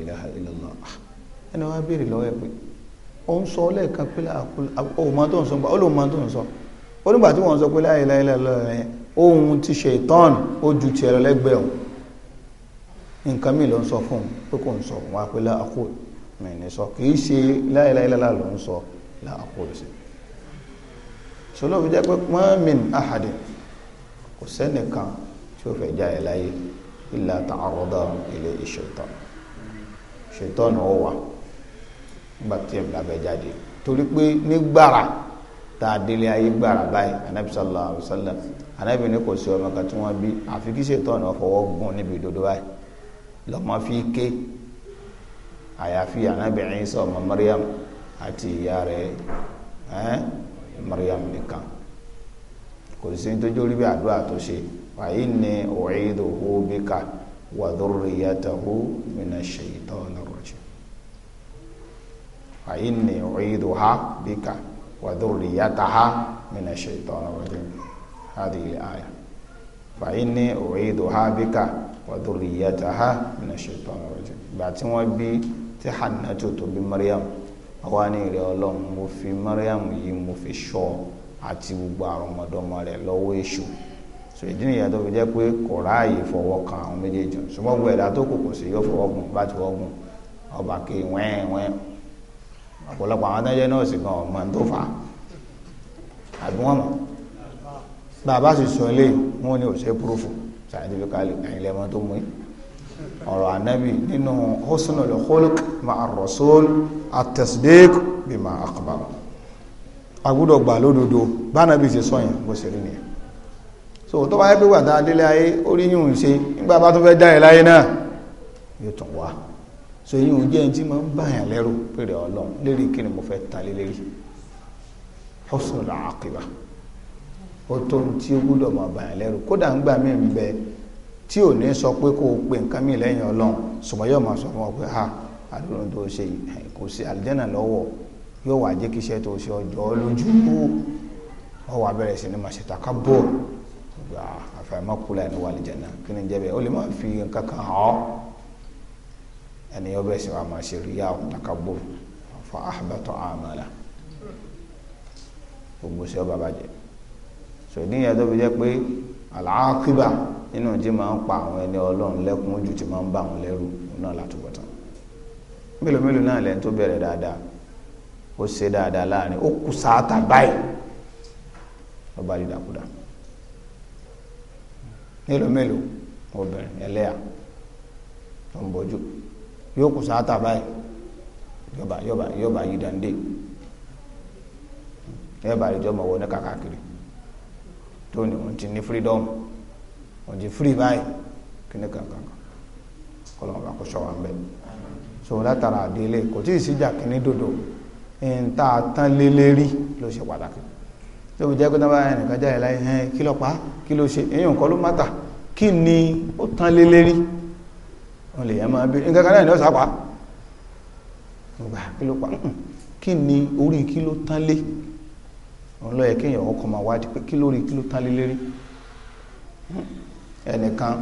A: ilaha illallah ah, ẹni wàá béèrè lọ́wọ́ ẹ pé ó ń sọ lẹ́ẹ̀kan pé ọmọ tó ń sọ ó lóun mọ tó ń sọ ó nígbà tí wọ́n sọ pé láyé láyé lọ́rẹ̀ ohun ti ṣe ìtọ́n ó ju ti ẹ̀rọ lẹ́gbẹ̀ẹ́ òun nǹkan mi ló ń sọ fún un pé kò ń sọ wọn pé láàkó mi ní sọ kì ṣe láyé láyé ń sọ láàkó sí sọlọ́ fi jẹ́ pé mọ́mìn ahadin kò sẹ́nìkan tí ó fẹ́ já ẹ̀ láyé illa ta'arada ilé ìṣètọ́n ìṣètọ́n ó wà nígbà tí ẹ̀ bàbẹ̀ jáde torí pé ní gbàrà tá a délé ayé gbàrà báyìí anabi sallallahu alayhi wa sallam anabi ní kò sí ọmọ kan tí wọ́n bí àfi kí ṣètò ọ̀nà fọwọ́ gùn níbi ìdodo báyìí lọ́mọ fi ké àyàfi anabi Isa ọmọ Maryam àti ìyá rẹ̀ ẹ́ Maryam nìkan kò sí tójú orí àdúrà tó ṣe wàyí ni u'iduhu bika wa dhurriyatahu minash shaitanir fa inni u'iduha bika wa dhurriyyataha mina shaytanir rajim hadhihi al-aya fa inni u'iduha bika wa dhurriyyataha mina shaytanir rajim ìgbà tí wọ́n bí tí Hannatu tó bí Maryam àwa ní ìrẹ Ọlọ́run mo àti gbogbo àrùn ọmọdọmọ rẹ̀ èṣù so ìdí nìyẹn tó fi jẹ́ pé kò ráàyè fọwọ́ kan àwọn méjèèjì ṣùgbọ́n gbogbo ẹ̀dá tó kù kò sí yóò fọwọ́ gùn bá ti fọwọ́ gùn ọba kì í wẹ́ẹ́ wẹ́ẹ́ ọ̀pọ̀lọpọ̀ àwọn tó ń jẹ́ nọ́ọ̀sì gan ọ̀mọ̀ tó fà á àbí wọ́n mọ̀ bàbá sì sọ ilé wọn ni ò ṣe púrúfù scientifically ẹ̀yin lẹ́mọ tó mú ọ̀rọ̀ ànábì nínú husnul khuluq ma'a ar-rasul at-tasdiq bima akhbar agbọ́dọ̀ gbà lódodo bánábì ṣe sọyìn bó ṣe rí nìyẹn so tó bá yẹ pé wàtá délé ayé orí yìí ń ṣe nígbà bá tún fẹ́ jáde láyé náà yóò tún wá so yìí ò jẹ́ ẹni tí máa ń báyàn lẹ́rù pèrè ọlọ́run lérí kí ni mo fẹ́ ta lé lérí husnul aqiba ó tó tí ó gbúdọ̀ máa báyàn lẹ́rù kódà ń gbà mí ń bẹ tí ò ní sọ pé kó o pe nǹkan mi lẹ́yìn ọlọ́run ṣùgbọ́n yóò máa sọ fún ọ pé ha àdúrà tó ṣe kò sí àlìjẹ́nà lọ́wọ́ yóò wá jẹ́ kí iṣẹ́ tó ṣe ọjọ́ lójú kú ọ wà bẹ̀rẹ̀ sí ni màá ṣe takabur àfàìmọ́kùlà ní wàlìjẹ́nà kí jẹ́ bẹ́ẹ̀ ó lè má fi nǹkan kan hàn ọ́ ẹni yọ bẹ́ẹ̀ sì wà máa ṣe ríyà takabó fa ahbata amala gbogbo sí ọba bàjẹ́ so níyẹn tó fi jẹ́ pé àlàákíbà nínú tí máa ń pa àwọn ẹni ọlọ́run lẹ́kún ojú tí máa ń bá wọn lẹ́rù náà látúbọ̀tán mélòó mélòó náà lẹ́ni tó bẹ̀rẹ̀ dáadáa ó ṣe dáadáa láàrin ó kù sáátà báyìí ọba dídàkudà mélòó mélòó obìnrin ẹlẹ́yà tó ń bọ́jú yóò kù sáà tàbá ẹ̀ yọba yọba yọba yìí dande ẹ bá àlejò ọmọ wọn ní kàkàkiri tó ní wọn ti ní freedom wọn ti free báyìí kíní kankan kọlọmọ bá kó sọ wa ń bẹ so látara àdélé kò tí ì síjà kíní dòdò ń ta tán lé lérí ló ṣe pàtàkì tó fi jẹ́ pé náà báyìí nìkan jáde láyé kí ló pa kí ló ṣe èèyàn kọ́ ló má ta kí ni ó tán lé lérí. wọn lè yẹn máa bí nǹkan kan náà ni ó kí kí ni orí kí ló tán lé òun ló yẹ ọkọ̀ kí lórí kí ló tán lé lérí ẹnìkan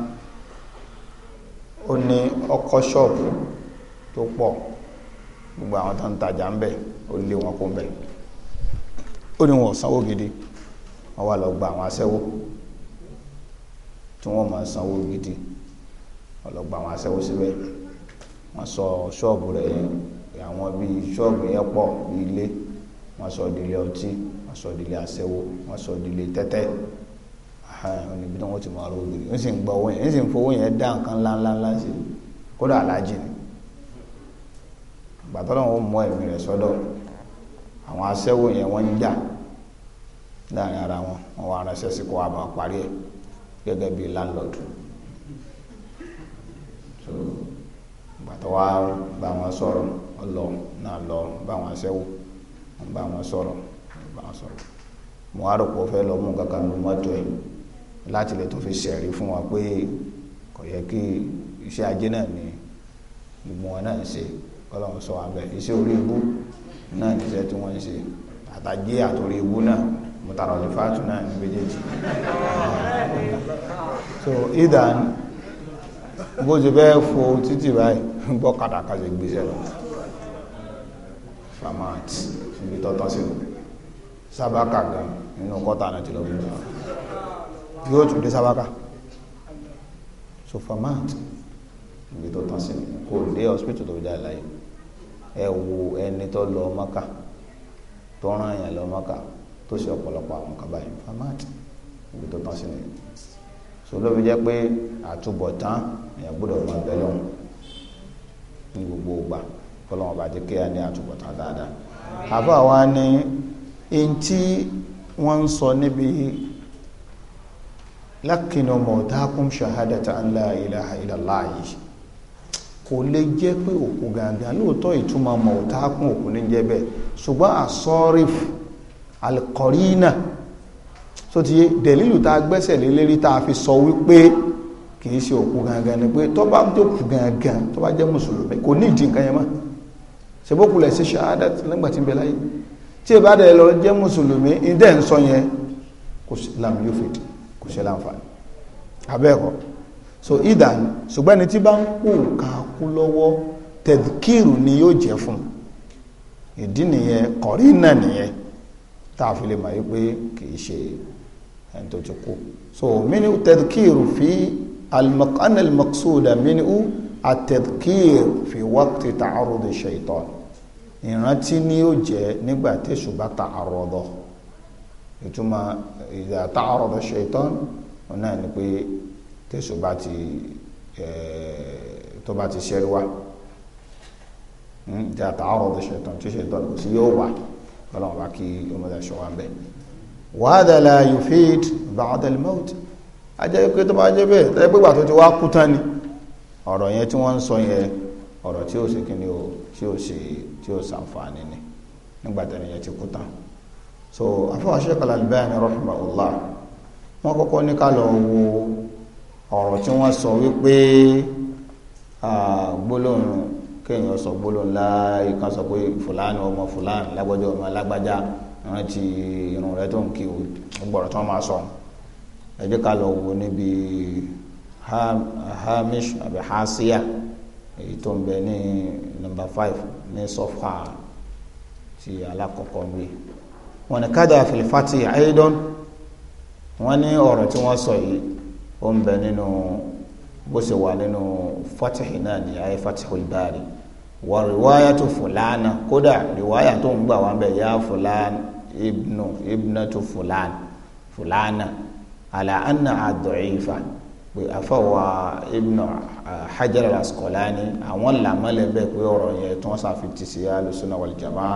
A: ó ní ọkọ̀ ṣọ́ọ̀bù tó pọ̀ gbogbo àwọn tó nta tajà ń bẹ̀ wọn ń bẹ̀ ó ní wọn sanwó gidi wọn lọ gba àwọn gidi ọlọgbà àwọn aṣẹ́wó síbẹ̀ wọ́n sọ ṣọ́ọ̀bù rẹ̀ àwọn bíi ṣọ́ọ̀bù yẹn pọ̀ bíi ilé wọ́n sọ di ọtí wọ́n sọ di ilé aṣẹ́wó sọ di ilé tẹ́tẹ́ níbi tí wọ́n ti máa rògbò ní sì ń gbọ́ owó yẹn ń sì ń fowó yẹn dá nǹkan ńláńláńlá sí kódà alájì ni gbàtọ́ náà wọ́n mọ ẹ̀mí rẹ̀ sọ́dọ̀ àwọn aṣẹ́wó yẹn wọ́n ń jà láàrin ara wọn wọ́n wá ránṣẹ́ sí kó wa máa parí ẹ̀ gẹ́gẹ́ bíi láńlọ́ọ̀dù so gbàtọ́ wa bá wọn ọlọ náà lọ bá wọn ṣẹ́wó bá wọn sọrọ bá wọn sọ̀rọ̀ mo wá rò lọ mú kankan láti lè tó fi ṣẹ̀rí fún wa pé kò yẹ kí iṣẹ́ ajé náà ni gbogbo náà ń ṣe kọ́lọ́hún sọ wọn iṣẹ́ orí ibú náà tí wọ́n ń ṣe àtàjé àtòrí ibú náà náà bó ṣe bẹ́ẹ̀ fo títì báyìí gbọ́ kàdàkà ṣe gbéṣẹ́ lọ famat ibi tọ́tọ́ sí mi sábàkà gan nínú kọ́tà náà ti lọ gbé yóò tún dé sábàkà so famat ibi tọ́tọ́ sí mi kò dé hospital tó fi dá láyé ẹ wo ẹni tó lọ mọ́kà tó rán èèyàn lọ mọ́kà tó ṣe ọ̀pọ̀lọpọ̀ àwọn kaba yìí famat ibi tọ́tọ́ sí mi so ló fi jẹ́ pé àtúbọ̀tán èèyàn gbọ́dọ̀ máa bẹ lọ́hùn ní gbogbo ìgbà kọ́lọ́wọ́n bá ti kéèyàn ní àtúbọ̀tán dáadáa àbá wa ni in tí wọ́n ń sọ níbi lákìnnà mọ̀tákùn ṣahadata an la ilaha illallah yìí kò lè jẹ́ pé òkú gangan lóòótọ́ ìtumọ̀ mọ̀tákùn òkú ní jẹ́ ṣùgbọ́n àsọ́rìf alkọ̀rínà so ti dẹ̀lílù tá a gbẹ́sẹ̀ lé lérí tá a fi sọ wípé kì í ṣe òkú gangan ni pé tó bá jókòó gangan tó bá jẹ́ mùsùlùmí kò ní ìdí nǹkan yẹn mọ́ ṣèbókù lẹ̀ sí ṣáádà nígbà tí ń bẹ láyé tí ì dẹ̀ lọ jẹ́ mùsùlùmí ìdẹ́ ń sọ yẹn kò sí làmì yóò fèdè kò sí láǹfààní abẹ́ẹ̀kọ́ so ìdá ṣùgbọ́n ẹni tí bá ń kú kàákú lọ́wọ́ tẹ̀dùkìrù ni yóò jẹ́ fún ìdí nìyẹn kọ̀rí náà nìyẹn tá a fi lè mọ̀ wípé kì í ṣe ẹni tó kú so minu tadhkiru fi al-maqana al-maqsuda minu at-tadhkir fi waqti ta'arudi shaitan ìrántí ni ó jẹ́ nígbà tí ṣùgbọ́n ta'arọdọ ìtumọ̀ ìdá ta'arọdọ shaitan ọ̀nà ni pé tẹ̀sù bá ti tó bá ti ṣẹ́rí wá ìdá ta'arọdọ shaitan tí shaitan kò sí yóò wà ọlọ́run bá kí ọmọdé ṣọwọ́ bẹ́ẹ̀ wàhádà la yufid ba'da al-maut ajẹ́ pé tó máa jẹ́ bẹ́ẹ̀ tẹ́lẹ̀ pé gbàtó ti wá kú tán ni ọ̀rọ̀ yẹn tí wọ́n ń sọ yẹn ọ̀rọ̀ tí ó ṣe kí ni o tí ó ṣe tí ó ṣàǹfààní ni nígbà tẹ́lẹ̀ yẹn ti kú tán so afọwọ́ Shaykh al-Albani rahimahullah wọ́n kọ́kọ́ ní ká lọ wo ọ̀rọ̀ tí wọ́n sọ wípé gbólóhùn kéèyàn sọ gbólóhùn láì kan sọ pé fúlàní ọmọ fúlàní lágbájá ọmọ lágbájá rántí irun rẹ tó ń kí o gbọ́dọ̀ tí wọ́n máa sọ ẹ ká lọ wo níbi hamish àbí hasiya èyí tó ń bẹ ní nọ́mbà five ní sọfà ti alákọ̀ọ́kọ́ ń wí wọn ni kada filifati aidan wọn ní ọ̀rọ̀ tí wọ́n sọ yìí ó ń bẹ nínú bó ṣe wà nínú fatihi náà ní ayé fatihul bari wà riwaya tó fulana kódà riwaya tó ń gbà wà bẹ yá fulana ibnu ibnatu fulan fulana ala anna adọ̀yìnfà pé afọwà ibnu ah, hajar al-asqalani àwọn làmọ́lẹ̀ bẹ́ẹ̀ pé ọ̀rọ̀ yẹn tí wọ́n ṣàfitì sí alùsùnà wal jamaa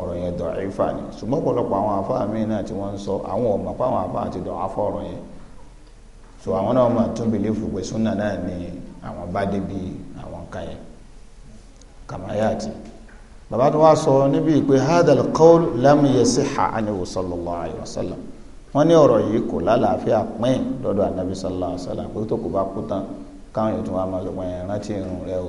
A: ọ̀rọ̀ yẹn dọ̀yìnfà ni ṣùgbọ́n pọ̀lọpọ̀ àwọn afáà míì náà tí wọ́n ń sọ àwọn ọ̀mọ̀ pa àwọn afáà ti dọ̀ afọ́ ọ̀rọ̀ yẹn so àwọn náà máa tún bìlẹ̀ fùgbẹ́ súnà náà ni àwọn bá débi àwọn kan yẹn kàmáyà àti bàbá tó wá sọ níbi ìpè hadal qawl lam yasiha anhu sallallahu alayhi wa sallam wọ́n ní ọ̀rọ̀ yìí kò lálàáfíà pín lọ́dọ̀ anabi sallallahu alayhi wa sallam pé tó kò bá kú tán káwọn ètò wa máa lọ pé rántí irun rẹ o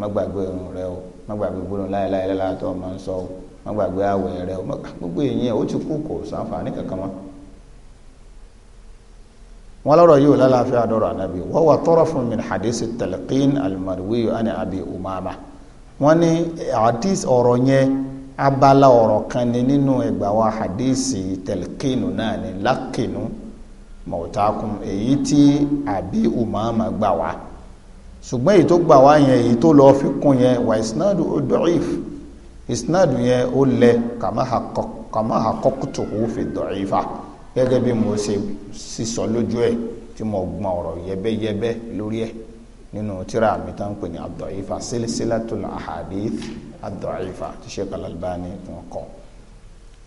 A: má gbàgbé irun rẹ o má gbàgbé gbólóhùn láéláé látọ̀ máa ń sọ o má gbàgbé àwẹ̀ rẹ o gbogbo èyí ó ti kú kò sàǹfààní kankan mọ́ wọn lọ́rọ̀ yìí ò lálàáfíà dọ̀rọ̀ anabi wọ́n wà tọrọ fún min hadisi talqin almarwi ani abi umama wọ́n ní hadith ọ̀rọ̀ yẹn abala ọ̀rọ̀ kan ni nínú ẹgbà wa hadith telkinu náà ni lakinu mọ̀tàkùn èyí tí àbí umama gbà wá ṣùgbọ́n èyí tó gbà wá yẹn èyí tó lọ fi kún yẹn wà isnadu da'if isnadu yẹn ó lẹ kàmá àkọ́kùtù kò fi da'ifa gẹ́gẹ́ bí mo ṣe sísọ lójú ẹ̀ tí mo gbọ́n ọ̀rọ̀ yẹbẹ́yẹbẹ́ lórí ẹ̀ nínú tíra mi tá ń pè ní ad-da'ifa silsilatul ahadith ad-da'ifa tí Sheikh al-Albani wọn kọ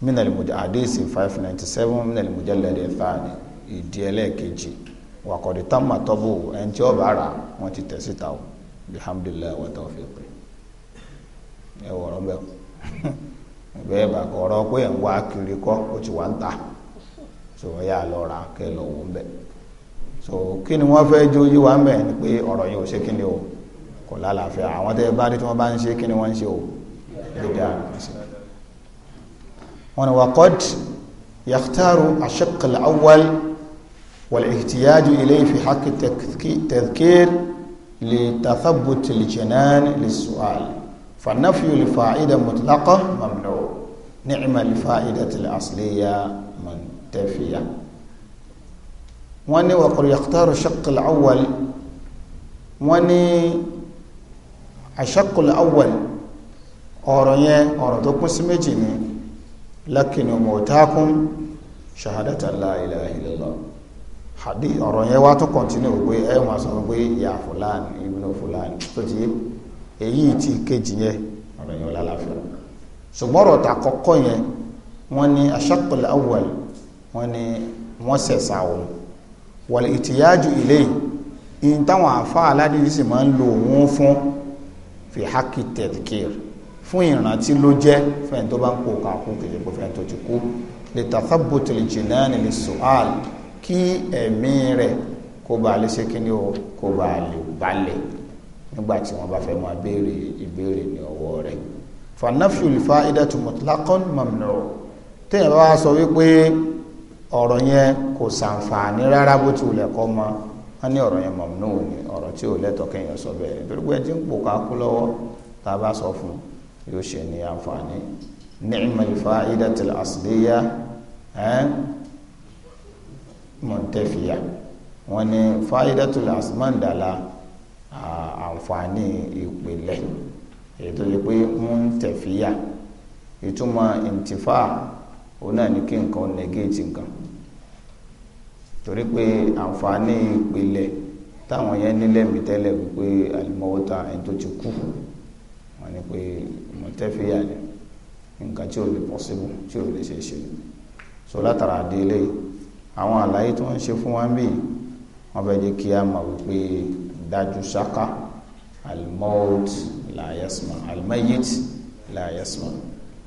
A: min al-hadith five ninety seven min al-mujallad ath-thani ìdí ẹlẹ́ẹ̀kejì wàkọ̀dé tamma tọ́bù ẹni tí ó bá rà wọ́n ti tẹ̀ síta o bihamdulilayi wa tawfiqi ẹ wọ̀rọ̀ bẹ́ẹ̀ o (laughs) bẹ́ẹ̀ bá kọ̀ ọ̀rọ̀ pé ń wá kiri kọ́ ó ti wá ń ta sọ̀rọ̀ yà lọ́ra kẹ́ lọ́wọ́ ń bẹ́ẹ̀ so kí ni wọ́n fẹ́ jó yí wa ń bẹ̀ ni pé ọ̀rọ̀ yìí ò ṣe kí ni o kò lálàáfíà àwọn tẹ́ bá rí tí wọ́n bá ń ṣe kí ni wọ́n ń ṣe o dídá wọn ni waqad yakhtaru ash-shaqq al-awwal والاحتياج إليه في حق التذكير لتثبت الجنان للسؤال فالنفي لفائدة مطلقة ممنوع نعم الفائدة الأصلية منتفية wọ́n ní wàkùrù yàkùtàrù ṣakùl awwal wọ́n ní àṣakùl awwal ọ̀rọ̀ yẹn ọ̀rọ̀ tó kún sí méjì ni lákìnnì mọ̀tákùn ṣahadatan la ilaha illallah hadi ọ̀rọ̀ yẹn wá tó kọ̀ntínú pé ẹ wọ́n sọ pé ìyá fúlàní ibùdó fúlàní tó ti èyí tí kejì yẹn ọ̀rọ̀ yẹn lálàáfíà ṣùgbọ́n ọ̀rọ̀ tà kọ́kọ́ yẹn wọ́n ní àṣakùl awwal wọ́n ní wọ́n sẹ̀sà òun wọ̀lẹ̀ ìtìyájú ilé in táwọn àfá aládìrí sì máa ń lo òun fún fi hákì tẹ̀kìr fún ìrántí ló jẹ́ fẹ́n tó bá ń kó kàkún kìí pé fẹ́n tó ti kú lè tàfàbòtò lè jìnnà ní lè sọ́àl kí ẹ̀mí rẹ̀ kó bá lè ṣe kí ni ó kó bá lè balẹ̀ nígbà tí wọ́n bá fẹ́ máa béèrè ìbéèrè ní ọwọ́ rẹ̀ fanafiul fa'idatu mutlaqan mamnu tẹ́yìn bá wá sọ wípé ọ̀rọ̀ yẹn kò sàǹfààní rárá bó ti wulẹ̀ kọ́ mọ́ wọ́n ní ọ̀rọ̀ yẹn mọ̀ ní òní ọ̀rọ̀ tí ò lẹ́tọ̀ọ́ kéèyàn sọ bẹ́ẹ̀ torí pé tí ń pò ká kú lọ́wọ́ tá a bá sọ fún yóò ṣe ní àǹfààní ni'ma al-fa'idatul asliya muntafiya wọ́n ní fa'idatul asmandala àǹfààní ìpìlẹ̀ èyí tó yẹ ìtumọ̀ intifa' òun náà ní kí nǹkan negate nǹkan torí pé àǹfààní ìpìlẹ̀ táwọn yẹn nílẹ̀ mi tẹ́lẹ̀ wípé àlùmọ́wọ́ta ẹni tó ti kú wọn ni pé mọ̀tẹ́fìyà ni nǹkan tí ò lè possible tí ò lè ṣeé ṣe so látara àdélé àwọn àlàyé tí wọ́n ṣe fún wa ń bì wọ́n fẹ́ jẹ́ kí a mọ̀ wípé dájú ṣáká almout la yasma almayit la yasma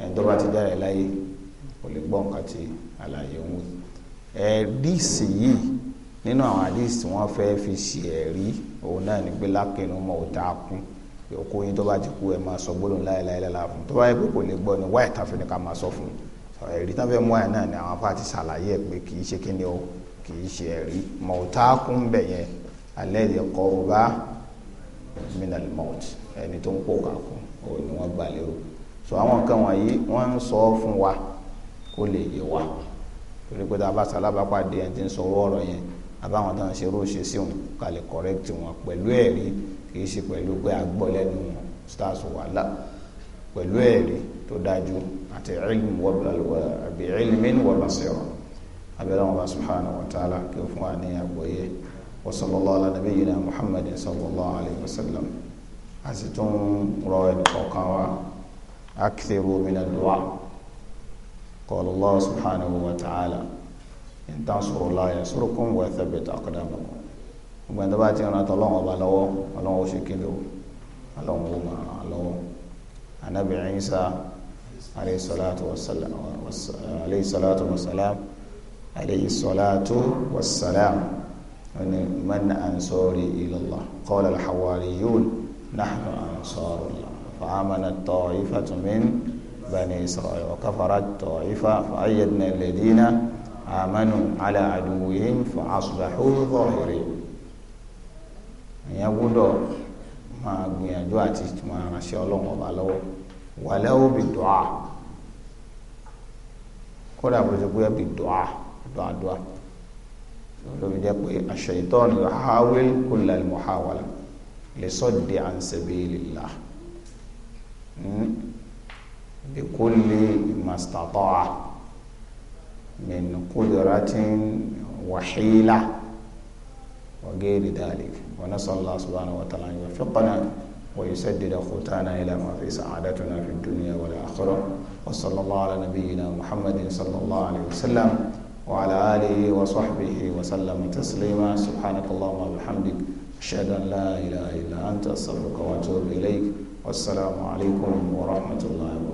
A: ẹni tó bá ti jáde láyé kò lè gbọ́ nǹkan tí àlàyé ń wí ẹ̀ẹ́díìsì yìí nínú àwọn àdíìsì tí wọ́n fẹ́ fi ṣe ẹ̀rí òun náà ní pé lákìnnú mọ̀ ò dáa kú òkú yín tó bá ti kú ẹ máa sọ gbólóhùn láéláé lálá fún tó bá yẹ pé kò lè gbọ́ ni wáyé tàfin ni ká máa sọ fún ẹ̀rí tán fẹ́ mú àyà náà ni àwọn afá ti ṣàlàyé ẹ̀ pé kì í ṣe kí o kì í ṣe ẹ̀rí mọ̀ ò tá kú ń bẹ̀ yẹn alẹ́ ìdí ọkọ̀ ọba minal mouth ẹni tó ń pò kà kú òun ni wọ́n gbà lérò so àwọn nǹkan wọ̀nyí wọ́n ń sọ fún wa kó lè yé wa torí pé tá a bá salábàápàdé ẹni tí ń sọ ọ̀rọ̀ yẹn àbáwọn tó ń ṣe irú ṣe sí òun ká lè correct wọn pẹ̀lú ẹ̀rí kì í ṣe pẹ̀lú pé a gbọ́ lẹ́nu wọn stars wàhálà pẹ̀lú ẹ̀rí tó dájú àti ilm àbí ilmin wa basira abẹ́rẹ́ wọn bá subhanahu wa ta'ala kí o fún wa ní àgbọ́yé wa sallallahu ala nabiyyina muhammadin sallallahu alayhi wa sallam a sì tún rọ ẹnì kọ̀ọ̀kan wa akthiru min ad-du'a. قال الله سبحانه وتعالى إن تنصروا الله ينصركم ويثبت أقدامكم وبعد ذلك أنا طلعوا بالله الله وشكله الله وما الله النبي عيسى عليه الصلاة والسلام عليه الصلاة والسلام عليه الصلاة والسلام من أنصاري إلى الله قال الحواريون نحن أنصار الله فآمنت طائفة من بني إسرائيل وكفرت طائفة فأيدنا الذين آمنوا على عدوهم فأصبحوا ظاهرين ìyẹn gbọ́dọ̀ máa gbìyànjú àti máa ránṣẹ́ Ọlọ́run ọba lọ́wọ́ wàlẹ́wò bí dùá kódà bó ṣe pé bí dùá dùádùá lóbi jẹ́ pé aṣ-ṣaytan yuhawil kulla al-muhawala li saddi an sabilillah. Hmm? بكل ما استطاع من قدرة وحيلة وغير ذلك ونسأل الله سبحانه وتعالى أن يوفقنا ويسدد خطانا إلى ما في سعادتنا في الدنيا والآخرة وصلى الله على نبينا محمد صلى الله عليه وسلم وعلى آله وصحبه وسلم تسليما سبحانك اللهم وبحمدك أشهد أن لا إله إلا أنت أستغفرك وأتوب إليك والسلام عليكم ورحمة الله وبركاته